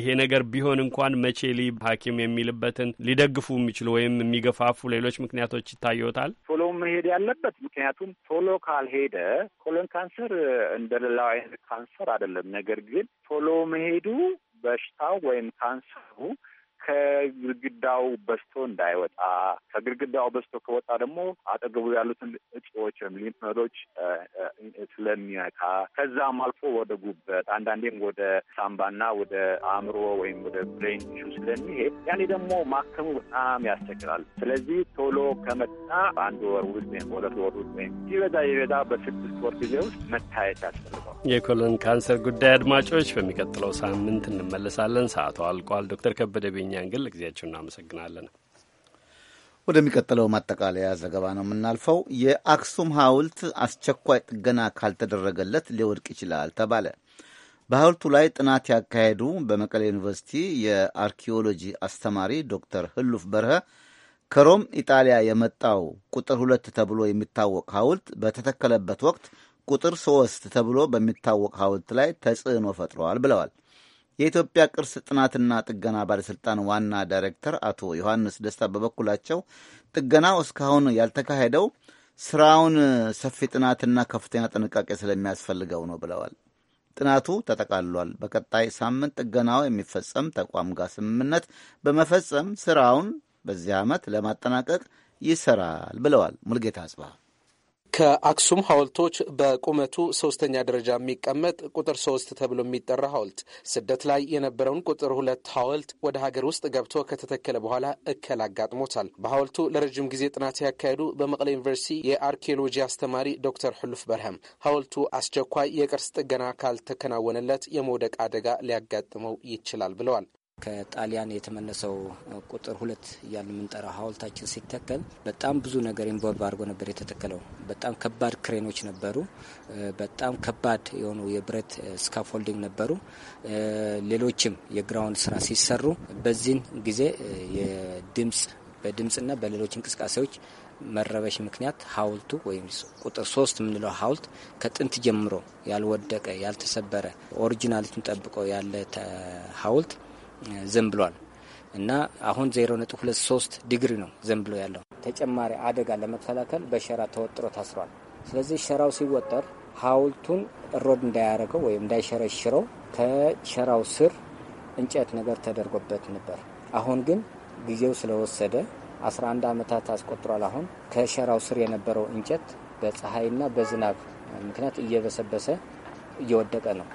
ይሄ ነገር ቢሆን እንኳን መቼ ሊብ ሐኪም የሚልበትን ሊደግፉ የሚችሉ ወይም የሚገፋፉ ሌሎች ምክንያቶች ይታየታል። ቶሎ መሄድ ያለበት ምክንያቱም ቶሎ ካልሄደ ኮሎን ካንሰር እንደሌላው አይነት ካንሰር አይደለም። ነገር ግን ቶሎ መሄዱ በሽታው ወይም ካንሰሩ ከግድግዳው በስቶ እንዳይወጣ፣ ከግድግዳው በስቶ ከወጣ ደግሞ አጠገቡ ያሉትን እጢዎች ወይም ሊምፍ ኖዶች ስለሚነካ ከዛም አልፎ ወደ ጉበት አንዳንዴም ወደ ሳምባና ወደ አእምሮ ወይም ወደ ብሬን ሹ ስለሚሄድ ያኔ ደግሞ ማከሙ በጣም ያስቸግራል። ስለዚህ ቶሎ ከመጣ አንድ ወር ውስጥ ወይም ሁለት ወር ውስጥ ወይም ይበዛ ይበዛ በስድስት ወር ጊዜ ውስጥ መታየት ያስፈልገዋል። የኮሎን ካንሰር ጉዳይ አድማጮች፣ በሚቀጥለው ሳምንት እንመለሳለን። ሰዓቱ አልቋል። ዶክተር ከበደ ቤኛ እኛን ግን ለጊዜያቸው እናመሰግናለን። ወደሚቀጥለው ማጠቃለያ ዘገባ ነው የምናልፈው። የአክሱም ሐውልት አስቸኳይ ጥገና ካልተደረገለት ሊወድቅ ይችላል ተባለ። በሐውልቱ ላይ ጥናት ያካሄዱ በመቀሌ ዩኒቨርሲቲ የአርኪኦሎጂ አስተማሪ ዶክተር ህሉፍ በርሀ ከሮም ኢጣሊያ የመጣው ቁጥር ሁለት ተብሎ የሚታወቅ ሐውልት በተተከለበት ወቅት ቁጥር ሶስት ተብሎ በሚታወቅ ሐውልት ላይ ተጽዕኖ ፈጥረዋል ብለዋል። የኢትዮጵያ ቅርስ ጥናትና ጥገና ባለሥልጣን ዋና ዳይሬክተር አቶ ዮሐንስ ደስታ በበኩላቸው ጥገናው እስካሁን ያልተካሄደው ስራውን ሰፊ ጥናትና ከፍተኛ ጥንቃቄ ስለሚያስፈልገው ነው ብለዋል። ጥናቱ ተጠቃልሏል። በቀጣይ ሳምንት ጥገናው የሚፈጸም ተቋም ጋር ስምምነት በመፈጸም ስራውን በዚህ ዓመት ለማጠናቀቅ ይሰራል ብለዋል። ሙልጌታ አጽባ ከአክሱም ሐውልቶች በቁመቱ ሶስተኛ ደረጃ የሚቀመጥ ቁጥር ሶስት ተብሎ የሚጠራ ሐውልት ስደት ላይ የነበረውን ቁጥር ሁለት ሐውልት ወደ ሀገር ውስጥ ገብቶ ከተተከለ በኋላ እክል አጋጥሞታል። በሐውልቱ ለረጅም ጊዜ ጥናት ያካሄዱ በመቀለ ዩኒቨርሲቲ የአርኪኦሎጂ አስተማሪ ዶክተር ሁሉፍ በርሃም ሐውልቱ አስቸኳይ የቅርስ ጥገና ካልተከናወነለት የመውደቅ አደጋ ሊያጋጥመው ይችላል ብለዋል። ከጣሊያን የተመለሰው ቁጥር ሁለት እያልን የምንጠራው ሀውልታችን ሲተከል በጣም ብዙ ነገር ኢንቮልቭ አድርጎ ነበር የተተከለው። በጣም ከባድ ክሬኖች ነበሩ። በጣም ከባድ የሆኑ የብረት ስካፎልዲንግ ነበሩ። ሌሎችም የግራውንድ ስራ ሲሰሩ በዚህን ጊዜ የድምፅ በድምፅና በሌሎች እንቅስቃሴዎች መረበሽ ምክንያት ሀውልቱ ወይም ቁጥር ሶስት የምንለው ሀውልት ከጥንት ጀምሮ ያልወደቀ ያልተሰበረ ኦሪጂናሊቱን ጠብቆ ያለ ሀውልት ዘንብሏል እና አሁን 0.23 ዲግሪ ነው ዘንብሎ ያለው። ተጨማሪ አደጋ ለመከላከል በሸራ ተወጥሮ ታስሯል። ስለዚህ ሸራው ሲወጠር ሐውልቱን ሮድ እንዳያደርገው ወይም እንዳይሸረሽረው ከሸራው ስር እንጨት ነገር ተደርጎበት ነበር። አሁን ግን ጊዜው ስለወሰደ 11 ዓመታት አስቆጥሯል። አሁን ከሸራው ስር የነበረው እንጨት በፀሐይና በዝናብ ምክንያት እየበሰበሰ እየወደቀ ነው።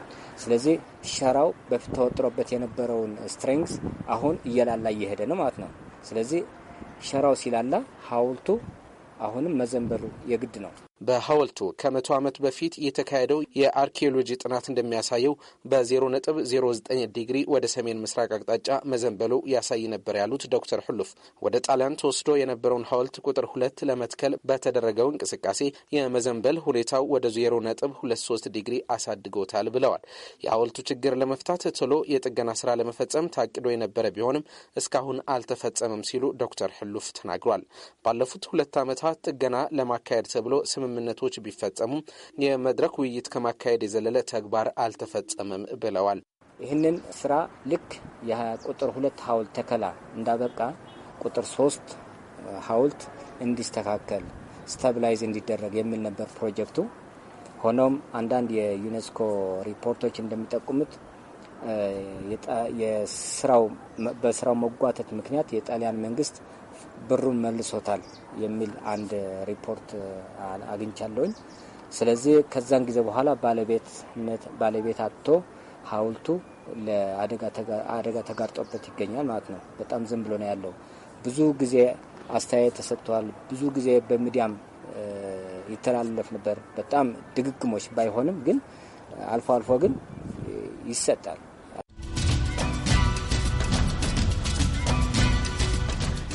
ስለዚህ ሸራው በፊት ተወጥሮበት የነበረውን ስትሪንግስ አሁን እየላላ እየሄደ ነው ማለት ነው። ስለዚህ ሸራው ሲላላ ሀውልቱ አሁንም መዘንበሉ የግድ ነው። በሐውልቱ ከመቶ ዓመት በፊት የተካሄደው የአርኪኦሎጂ ጥናት እንደሚያሳየው በ ነጥብ ዲግሪ ወደ ሰሜን ምስራቅ አቅጣጫ መዘንበሉ ያሳይ ነበር ያሉት ዶክተር ሁሉፍ ወደ ጣሊያን ተወስዶ የነበረውን ሐውልት ቁጥር ሁለት ለመትከል በተደረገው እንቅስቃሴ የመዘንበል ሁኔታው ወደ 0.23 ዲግሪ አሳድጎታል ብለዋል። የሐውልቱ ችግር ለመፍታት ቶሎ የጥገና ስራ ለመፈጸም ታቅዶ የነበረ ቢሆንም እስካሁን አልተፈጸመም ሲሉ ዶክተር ሁሉፍ ተናግሯል። ባለፉት ሁለት ዓመታት ጥገና ለማካሄድ ተብሎ ስምም ስምምነቶች ቢፈጸሙም የመድረክ ውይይት ከማካሄድ የዘለለ ተግባር አልተፈጸመም ብለዋል። ይህንን ስራ ልክ የቁጥር ሁለት ሀውልት ተከላ እንዳበቃ ቁጥር ሶስት ሀውልት እንዲስተካከል ስታብላይዝ እንዲደረግ የሚል ነበር ፕሮጀክቱ። ሆኖም አንዳንድ የዩኔስኮ ሪፖርቶች እንደሚጠቁሙት በስራው መጓተት ምክንያት የጣሊያን መንግስት ብሩን መልሶታል የሚል አንድ ሪፖርት አግኝቻለሁኝ። ስለዚህ ከዛን ጊዜ በኋላ ባለቤትነት ባለቤት አጥቶ ሀውልቱ ለአደጋ ተጋርጦበት ይገኛል ማለት ነው። በጣም ዝም ብሎ ነው ያለው። ብዙ ጊዜ አስተያየት ተሰጥተዋል። ብዙ ጊዜ በሚዲያም ይተላለፍ ነበር። በጣም ድግግሞች ባይሆንም ግን አልፎ አልፎ ግን ይሰጣል።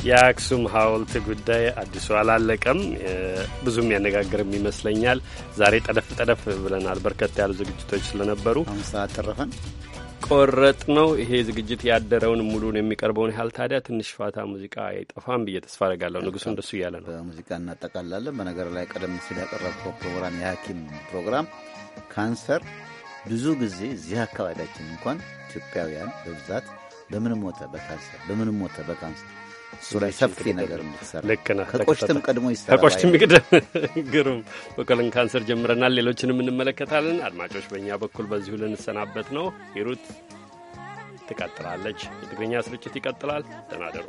የአክሱም ሐውልት ጉዳይ አዲሱ አላለቀም። ብዙም ያነጋግርም ይመስለኛል። ዛሬ ጠደፍ ጠደፍ ብለናል። በርከት ያሉ ዝግጅቶች ስለነበሩ ሰዓት ተረፈን ቆረጥ ነው። ይሄ ዝግጅት ያደረውን ሙሉን የሚቀርበውን ያህል ታዲያ ትንሽ ፋታ ሙዚቃ አይጠፋም ብዬ ተስፋ አረጋለሁ። ንጉሱ እንደሱ እያለ ነው። በሙዚቃ እናጠቃላለን። በነገር ላይ ቀደም ሲል ያቀረብከው ፕሮግራም የሐኪም ፕሮግራም ካንሰር ብዙ ጊዜ እዚህ አካባቢያችን እንኳን ኢትዮጵያውያን በብዛት በምን ሞተ በካንሰር በምን ሞተ በካንሰር ዙሪያ ሰፊ ነገር እንድትሰራ ከቆሽትም ቀድሞ ይሰራል። ከቆሽትም ይቅደም። ግሩም ወከልን ካንሰር ጀምረናል። ሌሎችንም እንመለከታለን። አድማጮች፣ በእኛ በኩል በዚሁ ልንሰናበት ነው። ሂሩት ትቀጥላለች። የትግርኛ ስርጭት ይቀጥላል። ደህና ደሩ።